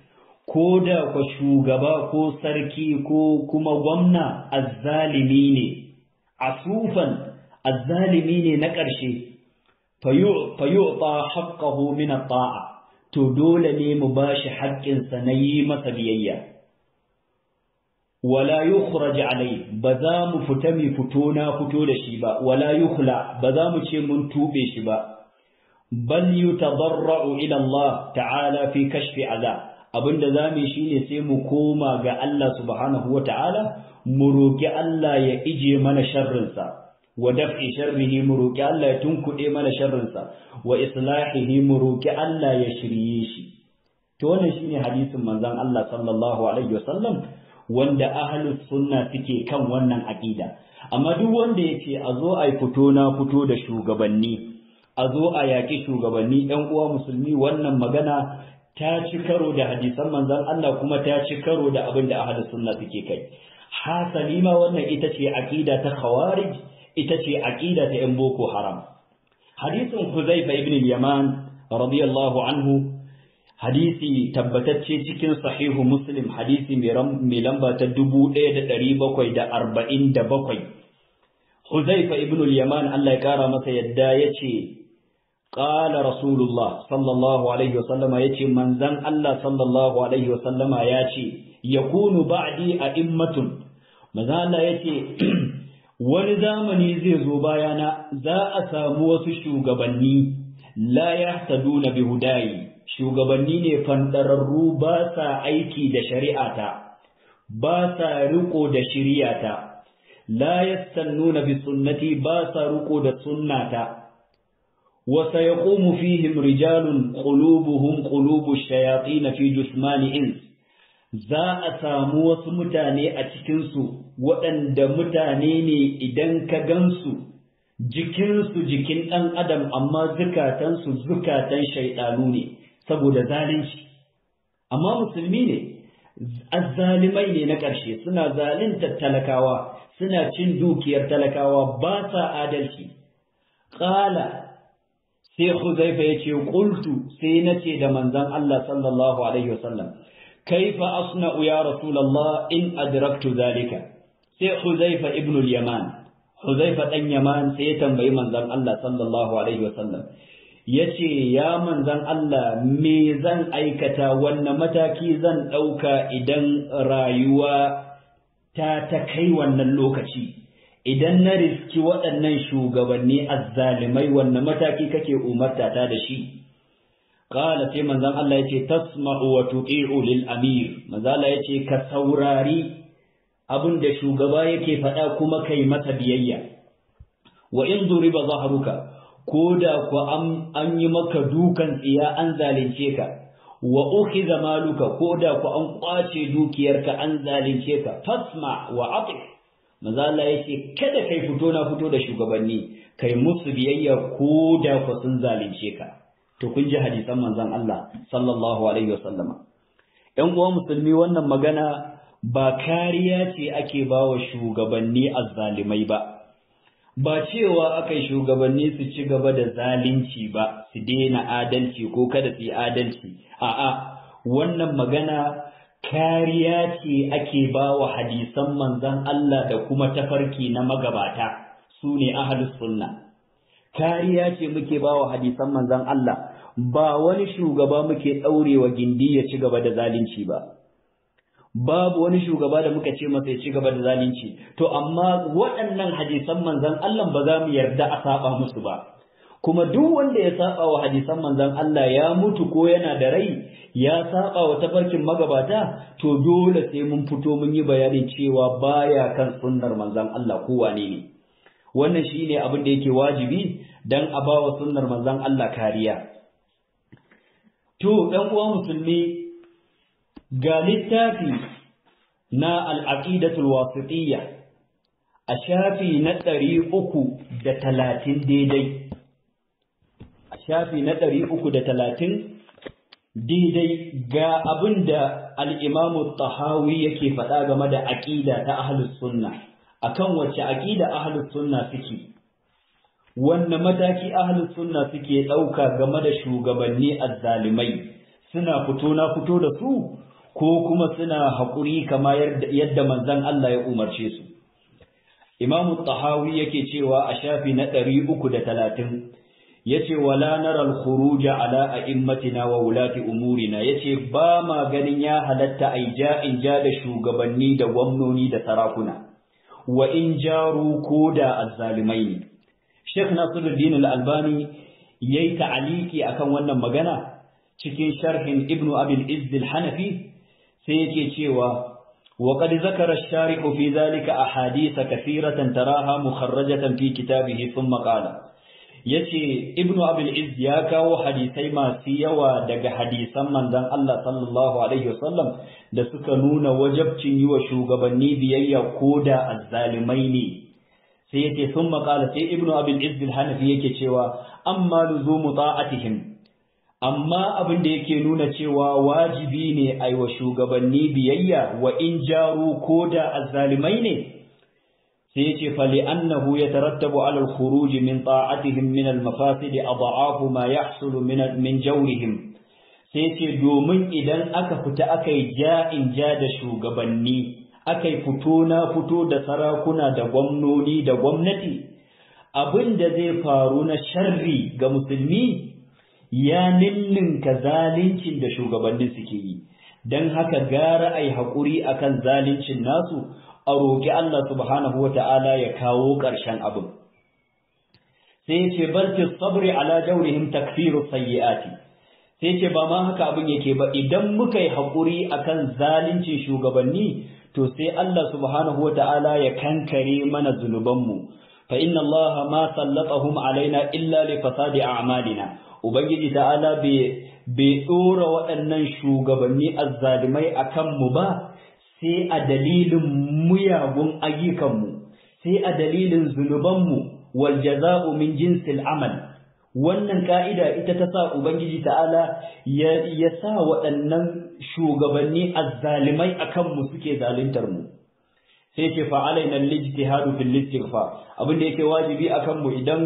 ko da ku shugaba ko sarki ko kuma gwamna azzalimi ne asufan azzalimi ne na ƙarshe fayu'ta haqqahu mina at-ta'a to dole ne mu bashi haƙƙin sa na yi masa biyayya wala yukhraj alai ba za mu fita mi fito na fito da shi ba wala yukhla ba za mu ce mun tube shi ba bal yutadarra'u ila Allah ta'ala fi kashfi adha abinda zamu shine sai mu koma ga Allah subhanahu wata'ala mu roƙi Allah ya ije mana sharrinsa. sa wa daf'i sharrihi mu Allah ya tunkuɗe mana sharrinsa wa islahihi mu Allah ya shirye shi to wannan shine hadisin manzon Allah sallallahu alaihi wasallam wanda ahlus sunna suke kan wannan aqida amma duk wanda yake a zo ai fito na fito da shugabanni a zo a yaƙi shugabanni ɗan uwa musulmi wannan magana ta ci karo da hadisan manzon Allah kuma ta ci karo da abin da ahlus sunna suke kai hasali ma wannan ita ce aqida ta khawarij ita ce aqida ta yan boko haram hadisin huzaifa ibn yaman radiyallahu anhu hadisi tabbatacce cikin sahihu muslim hadisi mai lamba ta dubu ɗaya da ɗari bakwai da arba'in da bakwai huzaifa ibn yaman allah ya kara masa yadda ya ce قال رسول الله صلى الله عليه وسلم يتي من زن الله صلى الله عليه وسلم ياتي يكون بعدي أئمة ماذا ya ce. wani zamani zai zo bayana za a samu wasu shugabanni la yahtaduna bi hudayi shugabanni ne fandararru ba sa aiki da shari'ata ba sa riko da shiryata la yastannuna bi sunnati ba sa riko da sunnata wa sayaqumu fihim rijalun qulubuhum qulubu shayatin fi jismani ins za a samu wasu mutane a cikinsu waɗanda mutane ne idan ka gansu jikinsu jikin ɗan adam amma zukatansu zukatan shaiɗanu ne saboda zalunci amma musulmi ne azzalimai ne na ƙarshe suna zalunta talakawa suna cin dukiyar talakawa ba sa adalci ƙala sai huzaifa zai ce ƙultu sai na ce da manzan Allah sallallahu alaihi wasallam kaifa asna'u ya rasulallah in adraktu zalika sai huzaifa ibn al-yaman huzaifa ɗan yaman sai ya tambayi manzan Allah sallallahu alaihi wasallam ya manzon Allah me zan aikata wanne mataki zan ɗauka idan rayuwa ta ta kai wannan lokaci idan na riski waɗannan shugabanni azzalimai wanne mataki kake umarta ta da shi Kala sai manzan Allah ya ce, Tasma'u wa tu'i'u lil amir, manzala ya ce, ka saurari abin da shugaba yake faɗa kuma kai masa biyayya. Wa in zuri ba haruka, ko da ku an yi maka dukan tsiya an zalunce ka, wa uki maluka ko da ku an ƙwace dukiyarka an zalunce ka, tasma! wa atif. Mazala ya ce, kada kai fito na fito da shugabanni, kai musu biyayya ko da ku sun zalunce ka. to kun ji hadisan manzon Allah sallallahu alaihi sallama. ɗan uwa musulmi wannan magana ba kariya ce ake ba wa shugabanni azzalimai ba ba cewa aka shugabanni su ci gaba da zalunci ba su daina adalci ko kada su yi adalci a'a wannan magana kariya ce ake ba wa hadisan manzon Allah da kuma tafarki na magabata su ne ahalus sunna kariya ce muke ba wa hadisan manzon Allah ba wani shugaba muke ɗaurewa gindi ya ci gaba da zalunci ba babu wani shugaba da muka ce masa ya ci gaba da zalunci to amma waɗannan hadisan manzon Allah ba za mu yarda a saba musu ba kuma duk wanda ya saba wa hadisan manzon Allah ya mutu ko yana da rai ya saba wa tafarkin magabata to dole sai mun fito mun yi bayanin cewa baya kan sunnar manzon Allah ko wane ne wannan shine abin da yake wajibi dan a bawa sunnar manzon Allah kariya to ɗan uwan musulmi ga littafi na al'aqidatul wasiqiyya a shafi na ɗari uku da talatin daidai a shafi na ɗari uku da talatin daidai ga abinda da imamu tahawi yake faɗa game da aƙida ta ahlus sunna akan wacce aƙida ahlus sunna suke wanne mataki ahlus sunna suke ɗauka game da shugabanni azzalimai suna fito na fito da su ko kuma suna haƙuri kama yadda manzon Allah ya umarce su Imam Tahawi yake cewa a shafi na 330 yace wala naral khuruja ala a'immatina wa wulati umurina yace ba ma ganin ya halatta ai ja'in ja da shugabanni da gwamnoni da sarakuna wa in jaru koda azzalimai ne Sheikh Nasiruddin Al-Albani yayi ta'aliki akan wannan magana cikin sharhin Ibn Abi al-Izz al-Hanafi sai yake cewa wa qad zakara ash-sharih fi dhalika ahadith kathiratan taraha mukharrajatan fi kitabihi thumma qala yace Ibn Abi al-Izz ya kawo hadisai masu yawa daga hadisan manzon Allah sallallahu alaihi wasallam da suka nuna wajabcin yi wa shugabanni biyayya koda azzalimai ne sai yace sun maƙala sai ibnu abin izdil hanafi yake cewa amma luzumu ta'atihim amma abin da yake nuna cewa wajibi ne a wa shugabanni biyayya wa in jaru ko da azzalimai ne sai yace fa li'annahu yatarattabu 'ala al-khuruj min ta'atihim min al-mafasid adha'afu ma yahsulu min min jawrihim sai yace domin idan aka fita aka yi in ja da shugabanni aka yi fito na fito da sarakuna da gwamnoni da gwamnati abin da zai faru na sharri ga musulmi ya ninninka zalincin da shugabannin suke yi don haka gara ai haƙuri akan zalincin nasu a roƙi Allah subhanahu wa ta'ala ya kawo ƙarshen abin sai ce barci sabri ala jaurihim takfiru sayyi'ati sai ce ba ma haka abin yake ba idan muka yi haƙuri akan zalincin shugabanni to sai Allah subhanahu wata'ala ya kankare mana zunubanmu fa inna Allah ma hum alaina illa li fasadi a'malina ubangiji ta'ala bai bai dora waɗannan shugabanni azzalimai a mu ba sai a dalilin muyagun ayyukanmu sai a dalilin zunubanmu wal jaza'u min jinsil amal wannan ka'ida ita ta sa ubangiji ta'ala ya sa waɗannan shugabanni a zalimai akan mu suke zaluntar mu sai ke na alaina lijiti haɗu fil istighfar abin da yake wajibi a kanmu, idan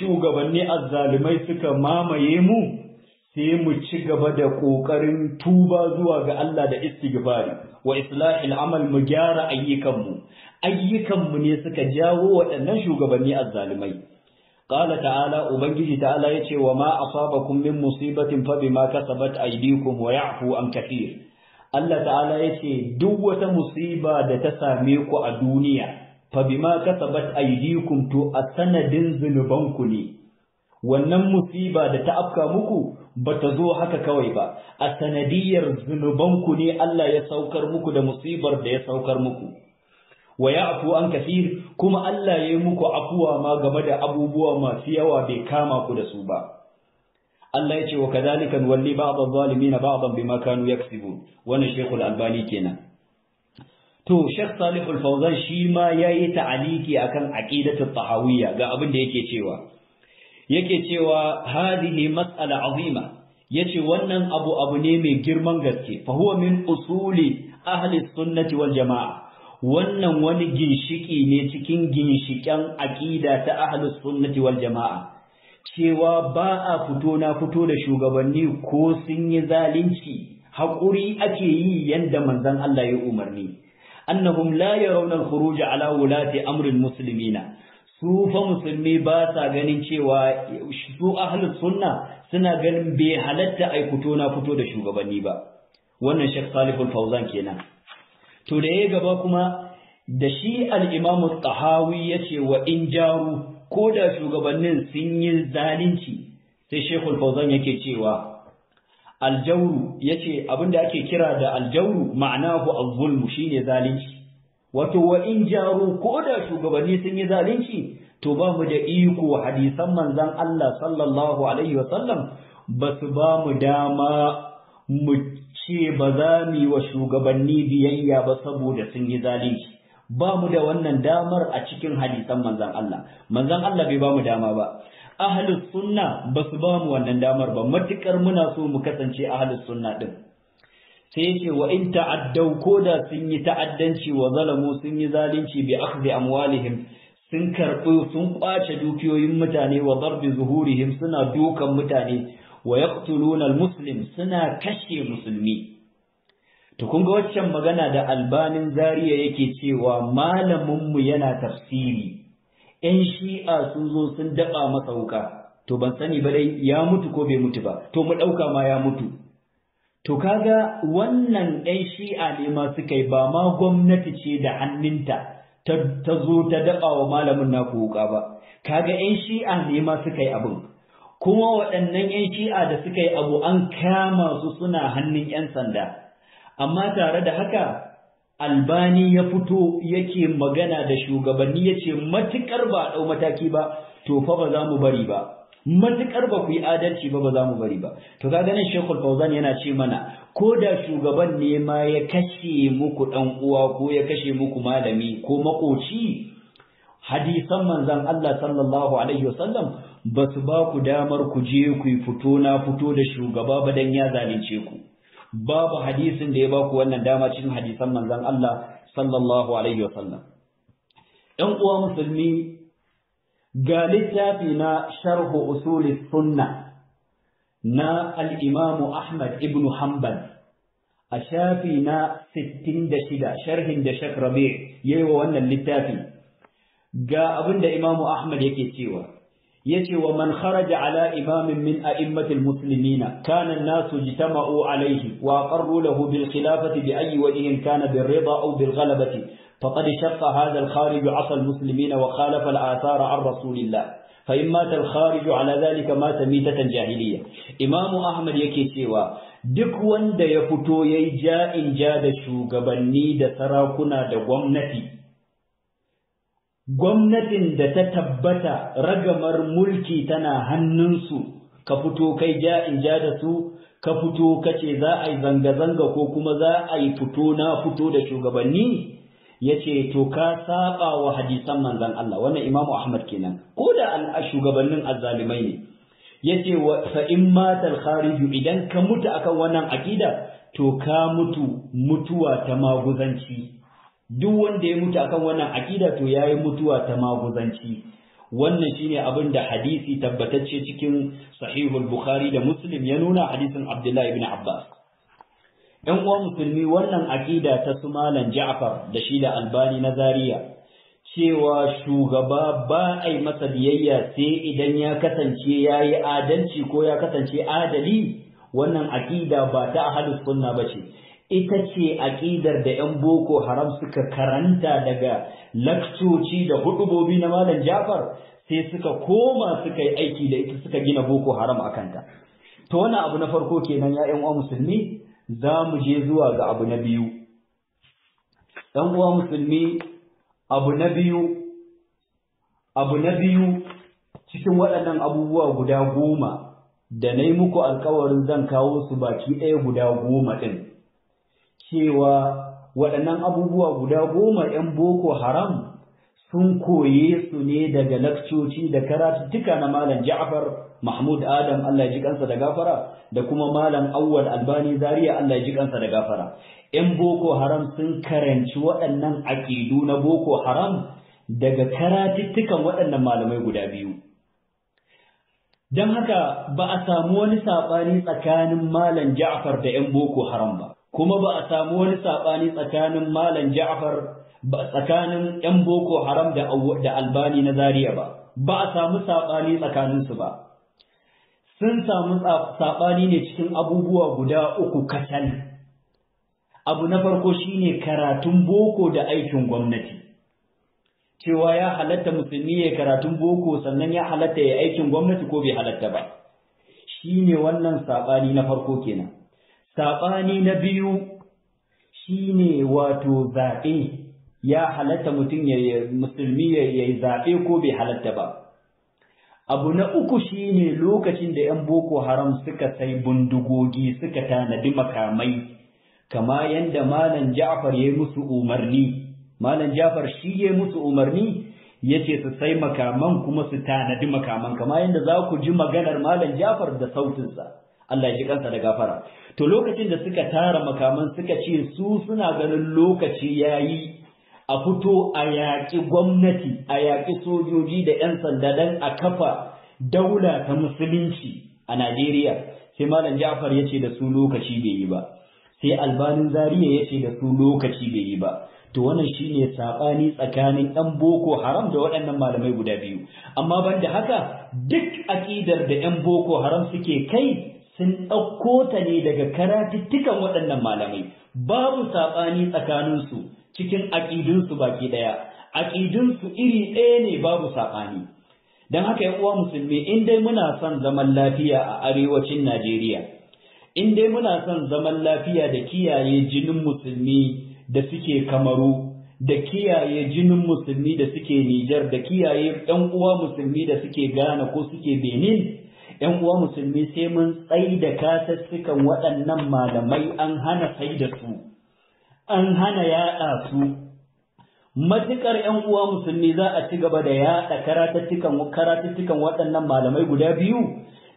shugabanni a zalimai suka mamaye mu sai mu ci gaba da ƙoƙarin tuba zuwa ga Allah da istighfari wa islahil amal mu gyara ayyukanmu ayyukanmu ne suka jawo waɗannan shugabanni azzalimai قال تعالى أبنجي تعالى يتي وما أصابكم من مصيبة فبما كسبت أيديكم ويعفو عن كثير الله تعالى يتي دوة مصيبة دتساميك الدنيا فبما كسبت أيديكم تو أسند ذنوبكم wannan musiba da ta afka muku ba ta zo haka kawai ba a sanadiyar zunubanku ne Allah ya saukar muku da musibar da ya saukar muku wa afu an kasir kuma Allah ya yi muku afuwa ma game da abubuwa masu yawa bai kama ku da su ba Allah ya ce wa kazalika walli ba'd adh-dhalimin ba'dan bima kanu yaksibun wannan Sheikh al-Albani kenan to Sheikh Salih al-Fawzan shi ma yayi ta'aliki akan aqidatu tahawiyya ga abin da yake cewa yake cewa hadhihi mas'ala azima yace wannan abu abu ne mai girman gaske fa huwa min usuli ahli sunnati wal jamaa wannan wani ginshiki ne cikin ginshiken aƙida ta ahlus sunnati wal jama'a cewa ba a fito na fito da shugabanni ko sun yi zalunci haƙuri ake yi yanda manzon Allah ya umarni annahum la yarawna al-khuruj ala wulati amrin muslimina su fa musulmi ba sa ganin cewa su ahlus sunna suna ganin bai halatta ai fito na fito da shugabanni ba wannan Sheikh Salihul Fawzan kenan to da ya gaba kuma da shi al'imamu tahawi ya ce wa in jaru ko da shugabannin sun yi zalunci sai shekul fauzan yake cewa aljauru ya ce abinda ake kira da aljauru ma'anahu al-zulmu ne zalunci wato wa in jaru ko da shugabanni sun yi zalunci to ba mu da iko hadisan manzan Allah sallallahu alaihi wasallam ba su ba mu dama mu ce ba za mu yi wa shugabanni biyayya ba saboda sun yi zalunci ba mu da wannan damar a cikin hadisan manzan Allah manzan Allah bai ba mu dama ba ahlus sunna ba su ba mu wannan damar ba matukar muna so mu kasance ahlus sunna din sai yace wa in ta'addau ko da sun yi ta'addanci wa zalamu sun yi zalunci bi akhdhi amwalihim sun karɓi sun kwace dukiyoyin mutane wa zarbi zuhurihim suna dukan mutane wa yaqtuluna almuslim suna kashe musulmi to kun ga waccan magana da albanin zariya yake cewa malamin mu yana tafsiri 'yan shi'a sun zo sun daba masa wuka to ban sani ba dai ya mutu ko bai mutu ba to mu dauka ma ya mutu to kaga wannan 'yan shi'a ne ma suka yi ba ma gwamnati ce da hannunta ta zo ta daba wa malamin naku wuka ba kaga 'yan shi'a ne ma suka yi abin kuma waɗannan 'yan shi'a da suka yi abu an kama su suna hannun 'yan sanda amma tare da haka albani ya fito yake magana da shugabanni ya ce matuƙar ba ɗau mataki ba to fa ba za mu bari ba matuƙar ba ku yi adalci ba ba za mu bari ba to ka ganin shekul fauzan yana ce mana ko da shugaban ne ma ya kashe muku ɗan uwa ko ya kashe muku malami ko maƙoci hadisan manzan Allah sallallahu alaihi wasallam ba su ba ku damar ku je ku yi fito na fito da shugaba ba dan ya zalunce ku babu hadisin da ya ba ku wannan dama cikin hadisan manzan Allah sallallahu alaihi wasallam ɗan uwa musulmi ga littafi na sharhu usuli sunna na al-imamu Ahmad ibn Hanbal a shafi na 66 sharhin da Sheikh Rabi' yayi wa wannan littafi ga abin da imamu ahmad yake cewa yace wa man kharaja ala imamin min a'immatil muslimina kana an-nasu jitama'u alayhi wa aqarru lahu bil khilafati bi ayyi wajhin kana bir rida aw bil ghalabati faqad shaqqa hadha al-kharij 'asa al-muslimina wa khalafa al-athara 'an rasulillah fa in mata al-kharij 'ala dhalika mata mitatan jahiliyya imamu ahmad yake cewa duk wanda ya fito yayi ja'in ja da shugabanni da sarakuna da gwamnati gwamnatin da ta tabbata ragamar mulki tana hannunsu ka fito kai ja in ja da su ka fito ka ce za a yi zanga-zanga ko kuma za a yi fito na fito da shugabanni ya ce to ka saba wa hadisan manzan Allah wannan imamu Ahmad kenan ko da shugabannin azzalimai ne ya ce fa in matal khariju idan ka mutu akan wannan akida to ka mutu mutuwa ta maguzanci duk wanda ya mutu akan wannan aƙida to ya yi mutuwa ta maguzanci wannan shine abin da hadisi tabbatacce cikin sahihul bukhari da muslim ya nuna hadisin abdullah ibn abbas ɗan uwan musulmi wannan aƙida ta su malam ja'far da shi da albani na zaria cewa shugaba ba a yi masa biyayya sai idan ya kasance ya yi adalci ko ya kasance adali wannan aƙida ba ta ahalus sunna ba ce ita ce aƙidar da 'yan boko haram suka karanta daga lakcoci da hudubobi na malam jafar sai suka koma suka yi aiki da ita suka gina boko haram a kanta to wani abu na farko kenan ya 'yan uwa musulmi za mu je zuwa ga abu na biyu 'yan uwa musulmi abu na biyu abu na biyu cikin waɗannan abubuwa guda goma da na yi muku alkawarin zan kawo su baki ɗaya guda goma ɗin cewa waɗannan abubuwa guda goma 'yan boko haram sun koye su ne daga lakcoci da karatuttuka na malam ja'far mahmud adam allah ji kansa da gafara da kuma malam awwal albani zaria allah ji kansa da gafara 'yan boko haram sun karanci waɗannan aƙidu na boko haram daga karatuttukan waɗannan malamai guda biyu don haka ba a samu wani saɓani tsakanin malam ja'far da 'yan boko haram ba kuma ba a samu wani saɓani tsakanin malam Ja'far ba tsakanin ‘yan Boko Haram da Albani na Zariya ba, ba a samu saɓani tsakaninsu ba. Sun samu saɓani ne cikin abubuwa guda uku kacal. Abu na farko shine karatun boko da aikin gwamnati. Cewa ya halatta musulmi ya karatun boko sannan ya halatta ya aikin gwamnati ko bai halatta ba. Shi ne wannan saɓani na farko kenan. saɓani na biyu shi ne wato zaɓe ya halatta mutum ya musulmi ya yi zaɓe ko bai halatta ba abu na uku shi ne lokacin da 'yan boko haram suka sai bindigogi suka tanadi makamai kama yadda malam ja'far ya musu umarni malam ja'far shi ya yi musu umarni ya ce su sai makaman kuma su tanadi makaman kama yadda za ku ji maganar malam ja'far da sautinsa Allah shi kansa da gafara to lokacin da suka tara makaman suka ce su suna ganin lokaci ya yi a fito a yaƙi gwamnati a yaƙi sojoji da 'yan sanda dan a kafa daula ta musulunci a Najeriya sai malam Ja'far ya ce da su lokaci bai yi ba sai albanin zariya ya ce da su lokaci bai yi ba to wannan shine saɓani tsakanin ɗan boko haram da waɗannan malamai guda biyu amma ban da haka duk aƙidar da ƴan boko haram suke kai sun ɗauko ta ne daga karatuttukan waɗannan malamai babu saɓani tsakaninsu cikin aƙidunsu baki ɗaya aƙidunsu iri ɗaya ne babu saɓani don haka ya uwa musulmi in dai muna son zaman lafiya a arewacin najeriya in dai muna son zaman lafiya da kiyaye jinin musulmi da suke kamaru da kiyaye jinin musulmi da suke Nijar da kiyaye ɗan uwa musulmi da suke Ghana ko suke Benin ‘yan uwa musulmi sai mun tsai da kasassukan waɗannan malamai an hana sai da su, an hana yaɗa su, matuƙar ‘yan uwa musulmi za a ci gaba da yaɗa karatattukan waɗannan malamai guda biyu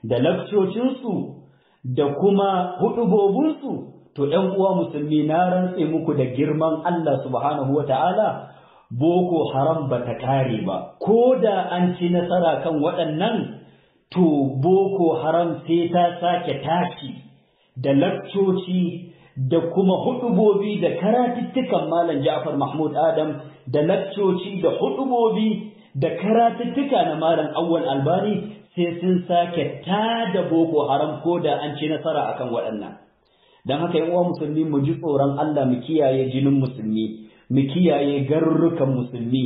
da lakcocinsu da kuma hudubobinsu, to ‘yan uwa musulmi na rantse muku da girman Allah subhanahu wa Boko haram ba ta kare ba, ko da an ci nasara kan waɗannan to boko haram sai ta sake tashi da lakcoci da kuma hudubobi da karatuttukan malam Ja'far Mahmud Adam da lakcoci da hudubobi da karatuttuka na malam Awwal Albani sai sun sake ta da boko haram ko da an ci nasara akan waɗannan Don haka yan musulmi mu ji tsoron Allah mu kiyaye jinin musulmi mu kiyaye garurrukan musulmi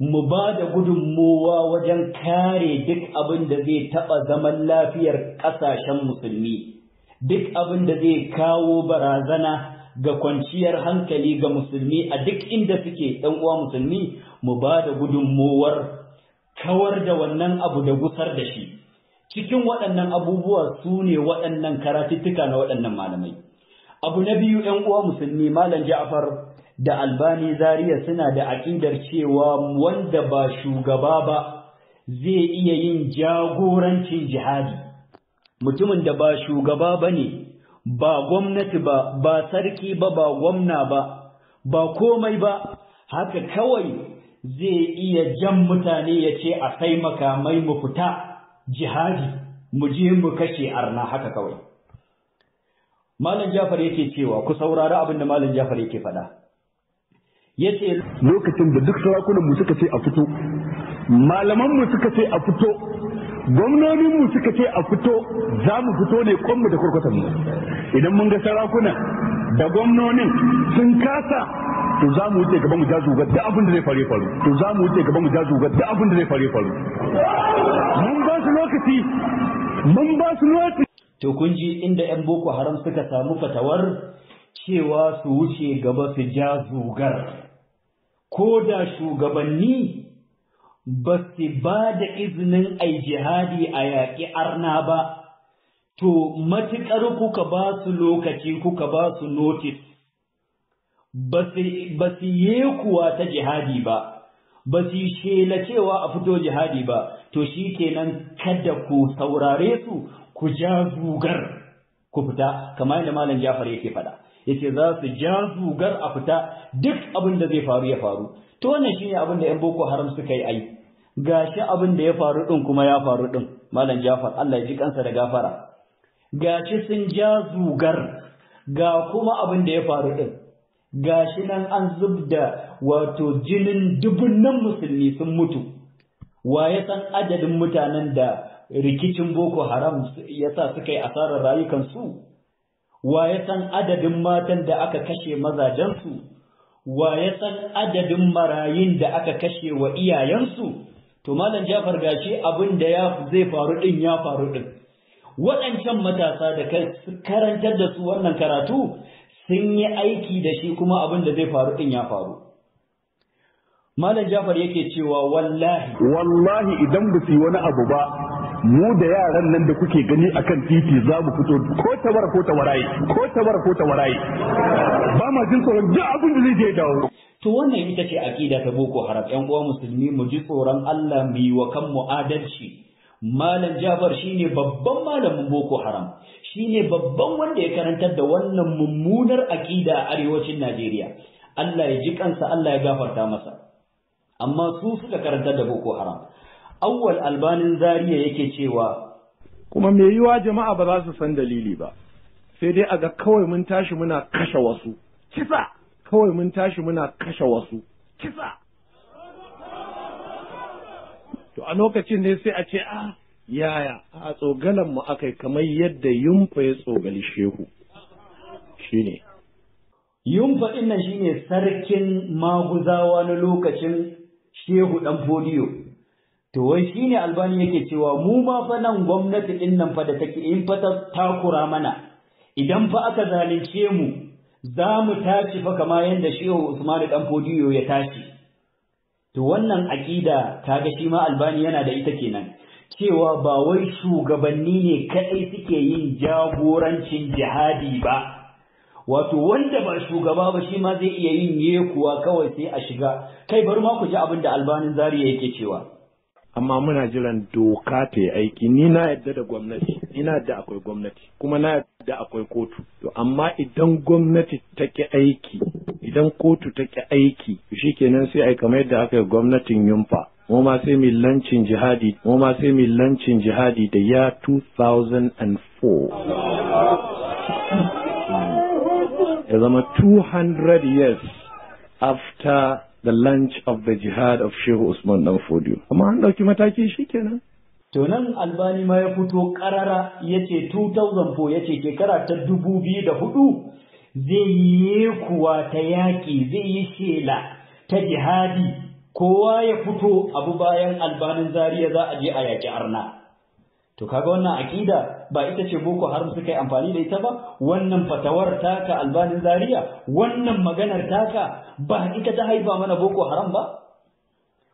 mu ba da gudunmowa wajen kare duk abin da zai taɓa zaman lafiyar ƙasashen musulmi, duk abin da zai kawo barazana ga kwanciyar hankali ga musulmi a duk inda suke ɗan uwa musulmi mu ba da gudunmowar kawar da wannan abu da gusar da shi. Cikin waɗannan abubuwa su ne waɗannan karatuttuka na waɗannan malamai. Abu na biyu yanuwa uwa musulmi Malam Ja'far da albani zariya suna da aƙidar cewa wanda ba shugaba ba zai iya yin jagorancin jihadi mutumin da ba shugaba ba ne ba gwamnati ba ba sarki ba ba gwamna ba ba komai ba haka kawai zai iya jan mutane ya ce a sai makamai mu fita jihadi mu je mu kashe arna haka kawai Malam Jafar yake cewa ku saurari abin da Malam Jafar yake faɗa. yace lokacin da duk sarakunan mu suka ce a fito malaman mu suka ce a fito gwamnonin mu suka ce a fito za mu fito ne kwanmu da kurkutan mu idan mun ga sarakuna da gwamnonin sun kasa to za mu wuce gaban mu ja zuwa da abin da zai fare faru to za mu wuce gaban mu ja zuwa da abin da zai fare faru mun ba su lokaci mun ba su lokaci to kun ji inda yan boko haram suka samu fatawar cewa su wuce gaba su ja zugar ko da shugabanni ba su ba da izinin ai jihadi a yaƙi arna ba to matuƙar kuka ba su lokaci kuka ba su notis ba su yi kuwa ta jihadi ba ba su shela cewa a fito jihadi ba to shi kenan kada ku saurare su ku ja zugar ku fita kamar yadda malam jafar yake faɗa yake za su ja zugar a fita duk abin da zai faru ya faru to wannan shine abin da yan boko haram suka yi ai gashi abin da ya faru din kuma ya faru din malam Jafar Allah ya ji kansa da gafara gashi sun ja zugar ga kuma abin da ya faru din gashi nan an zubda wato jinin dubunnan musulmi sun mutu wa ya san adadin mutanen da rikicin boko haram ya sa suka yi asarar rayukansu wa ya san adadin matan da aka kashe mazajensu wa ya san adadin marayun da aka kashe wa iyayensu to malam Jafar gashi abin da ya zai faru din ya faru din waɗancan matasa da karantar da su wannan karatu sun yi aiki da shi kuma abin da zai faru din ya faru Malam Jafar yake cewa wallahi wallahi idan ba su yi wani abu ba mu da yaran nan da kuke gani akan titi za mu fito ko tawara ko waraye ko tawara ko waraye ba ma jin tsoron duk abin da zai je dawo to wannan ita ce aƙida ta boko haram yan uwa musulmi mu ji tsoron Allah mu yi wa kanmu adalci Malam Jabar shine babban malamin Boko Haram, shine babban wanda ya karantar da wannan mummunar aƙida a arewacin Najeriya. Allah ya ji kansa Allah ya gafarta masa. Amma su suka karantar da Boko Haram. awwal albanin zariya yake cewa kuma me yiwa jama'a ba za su san dalili ba sai dai a ga kawai mun tashi muna kashe wasu kisa kawai mun tashi muna kashe wasu kisa to a lokacin ne sai a ce a ah, yaya a tsogalan mu akai kamar yadda yumfa ya tsogali shehu shine yumfa din nan shine sarkin maguzawa na lokacin shehu dan fodiyo to wai ne albani yake cewa mu ma fa nan gwamnati ɗin nan fa da take in fa ta takura mana idan fa aka zalunce mu za mu tashi fa kama yadda shehu Usman dan Fodiyo ya tashi to wannan ta kaga shi ma albani yana da ita kenan cewa ba wai shugabanni ne kaɗai suke yin jagorancin jihadi ba wato wanda ba shugaba ba shi ma zai iya yin yekuwa kawai sai a shiga kai bari ma ku ji abin da albanin zariya yake cewa amma muna jiran doka ta yi aiki ni na yadda da gwamnati ni na yadda akwai gwamnati kuma na yadda akwai kotu to amma idan gwamnati ta ki aiki idan kotu ta ki aiki shi kenan sai ai kamar yadda aka yi gwamnatin yunfa mu ma sai mu lancin jihadi mu ma sai mu jihadi da ya 2004 ya zama 200 years after the launch of the jihad of Shehu Usman Danfodiyo. Amma an ɗauki mataki shi kenan. To nan Albani ma ya fito ƙarara ya ce 2004 ya ce shekara ta dubu biyu da hudu zai yi kuwa ta yaƙi zai yi shela ta jihadi kowa ya fito abu bayan albanin zariya za a je a yaƙi arna. to kaga wannan akida ba ita ce boko haram suka yi amfani da ita ba wannan fatawar taka albanin zaria wannan maganar taka ba ita ta haifa mana boko haram ba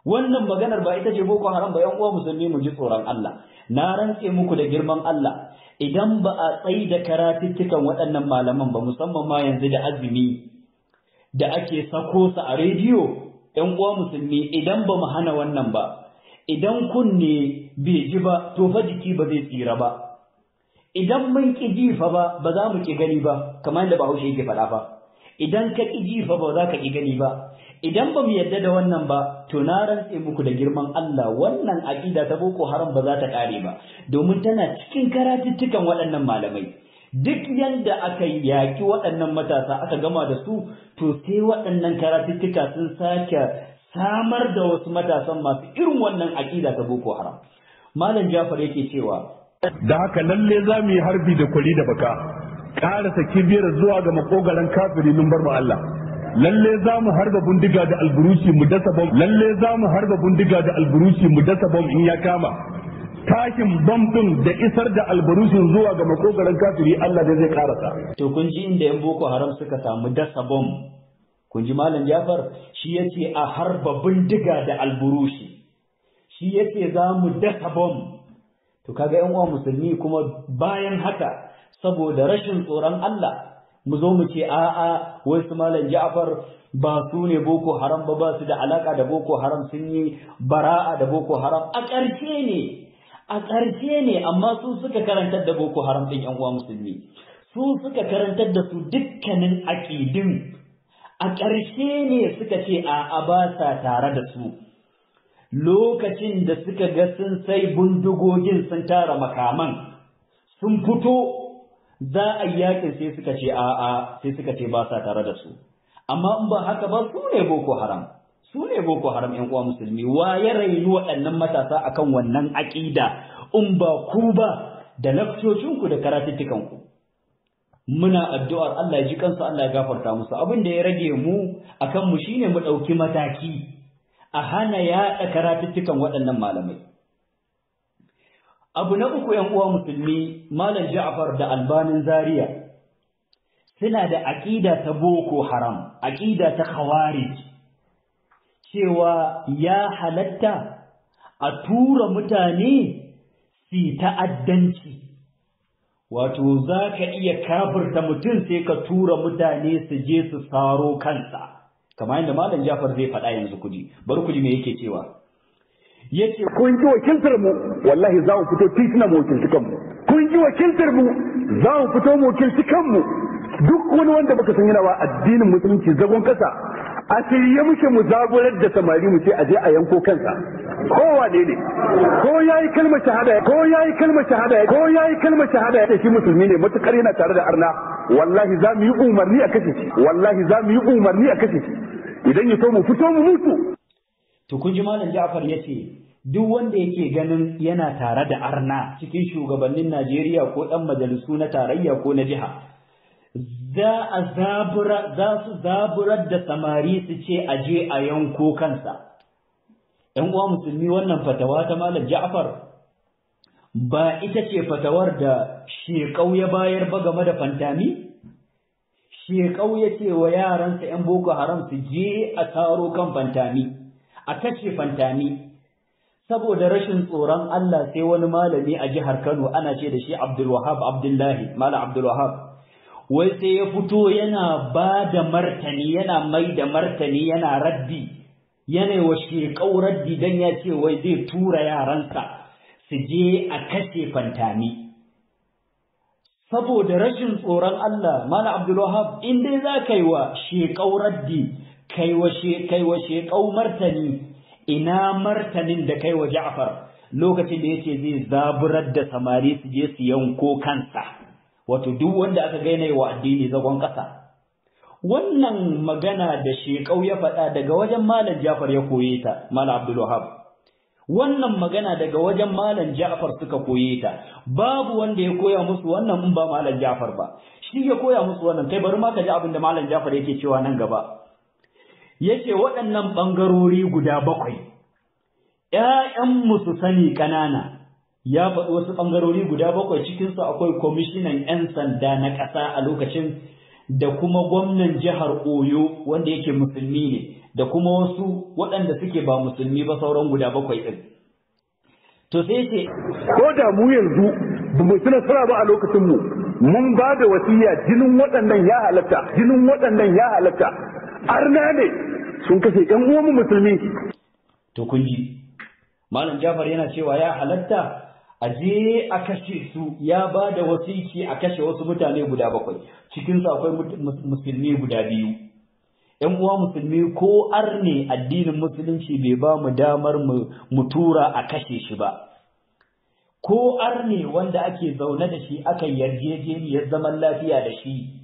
wannan maganar ba ita ce boko haram ba yan uwa musulmi mu ji tsoron Allah na rantse muku da girman Allah idan ba a tsai da karatuttukan waɗannan malaman ba musamman ma yanzu da azumi da ake sako su a rediyo yan uwa musulmi idan ba mu hana wannan ba idan kunne bai ji ba to fa jiki ba zai tsira ba idan mun ki jifa ba ba za mu ki gani ba kamar yadda Bahaushe yake faɗa ba idan ka ki jifa fa ba za ka ki gani ba idan ba mu yadda da wannan ba to na rantse muku da girman Allah wannan aqida ta boko haram ba za ta kare ba domin tana cikin karatuttukan waɗannan malamai duk yadda aka yaki waɗannan matasa aka gama da su to sai waɗannan karatuttuka sun sake samar da wasu matasan masu irin wannan aƙida ta boko haram malam jafar yake cewa da haka lalle za mu yi harbi da kwali da baka ƙarasa kibiyar zuwa ga makogaran kafiri mun bar mu Allah lalle za mu harba bindiga da alburushi mu dasa bom lalle za mu harba bindiga da alburushi mu dasa bom in ya kama tashin bom din da isar da alburushin zuwa ga makogaran kafiri Allah da zai ƙarasa. to kun ji inda yan boko haram suka samu dasa bom kun ji malam Jafar shi yace a harba bindiga da alburushi shi yace za mu dasa bom to kaga yan uwa musulmi kuma bayan haka saboda rashin tsoron Allah mu zo mu ce a'a wai su malam Ja'far ba su ne Boko Haram ba ba su da alaka da Boko Haram sun yi bara'a da Boko Haram a ƙarshe ne a ƙarshe ne amma su suka karantar da Boko Haram din yan uwa musulmi su suka karantar da su dukkanin aƙidin a ƙarshe ne suka ce a ba sa tare da su lokacin da suka ga sun sai bindigogin sun tara makaman sun fito za a yi yakin sai suka ce a'a sai suka ce ba sa tare da su amma in ba haka ba su ne boko haram su ne boko haram yan uwa musulmi wa ya rainu waɗannan matasa akan wannan aƙida in ba ku ba da lakcocinku da ku. muna addu'ar Allah ji kansu Allah ya gafarta musu abin da ya rage mu akan mu shine mu ɗauki mataki a hana yaɗa karatuttukan waɗannan malamai abu na uku yan uwa musulmi malam Ja'far da albanin Zariya, suna da aƙida ta boko haram aƙida ta khawarij cewa ya halatta a tura mutane su ta'addanci wato za ka iya kafirta mutum sai ka tura mutane su je su saro kansa kamar yadda malam jafar zai faɗa yanzu kuji bari kuji me yake cewa yace kun ji wakiltar mu wallahi za mu fito titina mu wakilci kanmu kun ji wakiltar mu za mu fito mu wakilci kanmu duk wani wanda baka san yana wa addinin musulunci zagon kasa a ya muke mu zaburar da samari mu ce a je a yanko kansa kowa ne ne ko yayi kalmar shahada ko yayi kalmar shahada ko yayi kalmar shahada da shi musulmi ne mutukar yana tare da arna wallahi za mu yi umarni a kashe shi wallahi za mu yi umarni a kashe shi idan ya to mu fito mu mutu to kun ji malam Ja'far yace duk wanda yake ganin yana tare da arna cikin shugabannin Najeriya ko ɗan majalisu na tarayya ko na jiha za a zabura za su zaburar da samari su ce a je a yanko kansa ‘yan uwa musulmi wannan fatawa ta malam Ja'far ba ita ce fatawar da shekau ya bayar ba game da fantami shekau ya ce wa yaransa ‘yan boko haram su je a taro kan fantami a tace fantami saboda rashin tsoron Allah sai wani malami a jihar Kano ana ce da shi Abdulwahab Abdullahi malam Abdulwahab wai sai ya fito yana ba da martani yana mai da martani yana raddi yana wa shekau raddi don ya ce wai zai tura yaransa su je a kashe fantami saboda rashin tsoron Allah mala abdulwahab in dai za ka yi wa shekau raddi kai wa shekau martani ina martanin da kai wa ja'far lokacin da ya ce zai zaburar da samari su je su yanko kansa wato duk wanda aka gaina wa addini zagon ƙasa wannan magana da shekau ya faɗa daga wajen malam Jafar ya koye ta malam Abdul Wahab wannan magana daga wajen malam Jafar suka koye ta babu wanda ya koya musu wannan in ba malam Jafar ba shi ya koya musu wannan kai bari ma ka ji abin da malam Jafar yake cewa nan gaba yace waɗannan ɓangarori guda bakwai yayan mu su sani ƙanana ya faɗi wasu ɓangarori guda bakwai cikinsu akwai kwamishinan 'yan sanda na ƙasa a lokacin da kuma gwamnan jihar Oyo wanda yake musulmi ne da kuma wasu waɗanda suke ba musulmi ba sauran guda bakwai ɗin. To sai ce. Ko da mu yanzu ba mu ci nasara ba a lokacin mu mun ba da wasiya jinin waɗannan ya halatta jinin waɗannan ya halatta arna ne sun kashe ƴan uwan musulmi. To kun ji. Malam Jafar yana cewa ya halatta a je a kashe su ya ba da yake a kashe wasu mutane guda bakwai cikin akwai musulmi guda biyu ‘yan uwa musulmi ko arne addinin musulunci bai ba mu damar mu tura a kashe shi ba ko ne wanda ake zaune da shi aka yarjejeniyar zaman lafiya da shi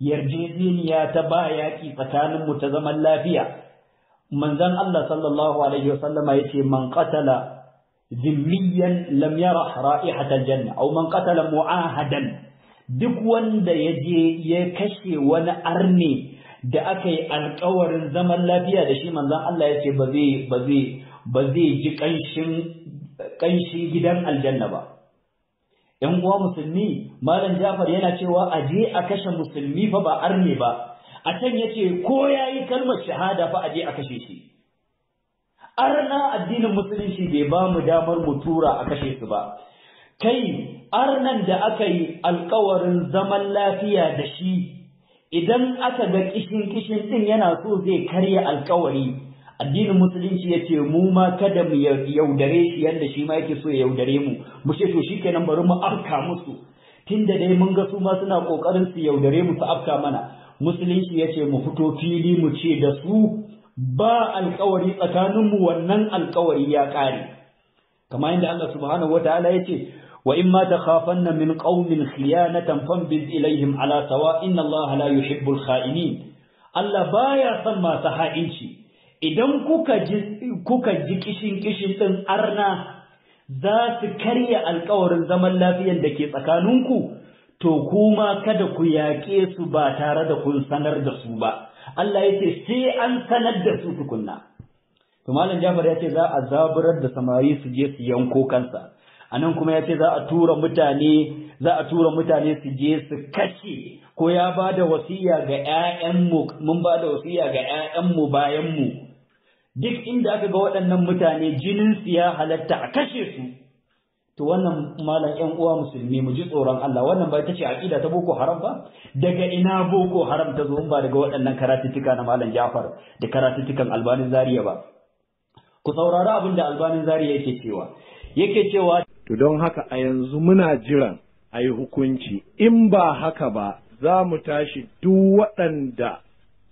yarjejeniya ta ba yaƙi tsakaninmu ta zaman lafiya manzon Allah sallallahu alaihi wasallama yace man qatala ذميا لم يرح رائحة الجنة أو من قتل معاهدا duk wanda ya je ya kashe wani arne da aka yi alkawarin zaman lafiya da shi manzon Allah ya ce ba zai ba zai ba zai ji kanshin gidan aljanna ba ‘yan uwa musulmi malam jafar yana cewa a je a kashe musulmi fa ba arne ba a can ya ce ko ya yi kalmar shahada fa a je a kashe shi arna addinin musulunci bai ba mu damar mu tura a kashe su ba kai arnan da aka yi alkawarin zaman lafiya da shi idan aka ga kishin kishin din yana so zai karya alkawari addinin musulunci ya ce mu ma kada mu yaudare shi yadda shi ma yake so ya yaudare mu mu ce to shikenan bari mu afka musu tunda dai mun ga su ma suna kokarin su yaudare mu su afka mana musulunci ya ce mu fito fili mu ce da su ba alƙawari tsakaninmu wannan alƙawari ya ƙare kamar yadda Allah subhanahu wataala yace wa in ma takhafanna min qaumin khiyanatan fambiz ilaihim ala sawa inna Allah la yuhibbul kha'inin Allah baya son masu ha'inci idan kuka ji kuka ji kishin kishin din arna za su karya alƙawarin zaman lafiyar da ke tsakaninku to kuma kada ku yaƙe su ba tare da kun sanar da su ba Allah ya ce sai an sanar da su tukunna to malam Jafar ya ce za a zaburar da samari su je su yanko kansa a nan kuma ya ce za a tura mutane za a tura mutane su je su kace ko ya ba da wasiya ga 'ya'yanmu mun ba da wasiya ga bayanmu duk inda aka ga waɗannan mutane jinin su ya halatta a kashe su to wannan malam ƴan uwa musulmi mu ji tsoron Allah wannan ba ita ce aqida ta boko haram ba daga ina boko haram ta zo ba daga waɗannan karatuttuka na malam Jafar da karatuttukan Albanin Zariya ba ku saurari abin da Albanin zariya yake cewa yake cewa to don haka a yanzu muna jiran ayi hukunci in ba haka ba za mu tashi duk waɗanda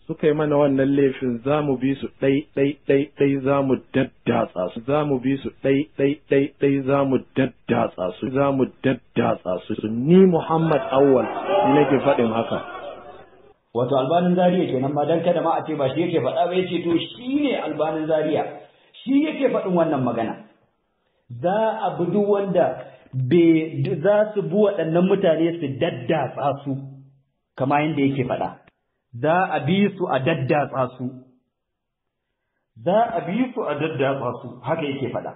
suka yi mana wannan laifin za mu bi su ɗai ɗai ɗai ɗai za mu daddatsa su za mu bi su ɗai ɗai ɗai ɗai za mu daddatsa su za mu daddatsa su ni Muhammad Awwal nake faɗin haka wato albanin zariya kenan ma dan kada ma a ce ba shi yake faɗa ba yace to shi ne albanin zariya shi yake faɗin wannan magana za a bi duk wanda za su bi waɗannan mutane su daddatsa su kama yadda yake faɗa za a bi su a daddatsa su za a bi su a daddatsa su haka yake faɗa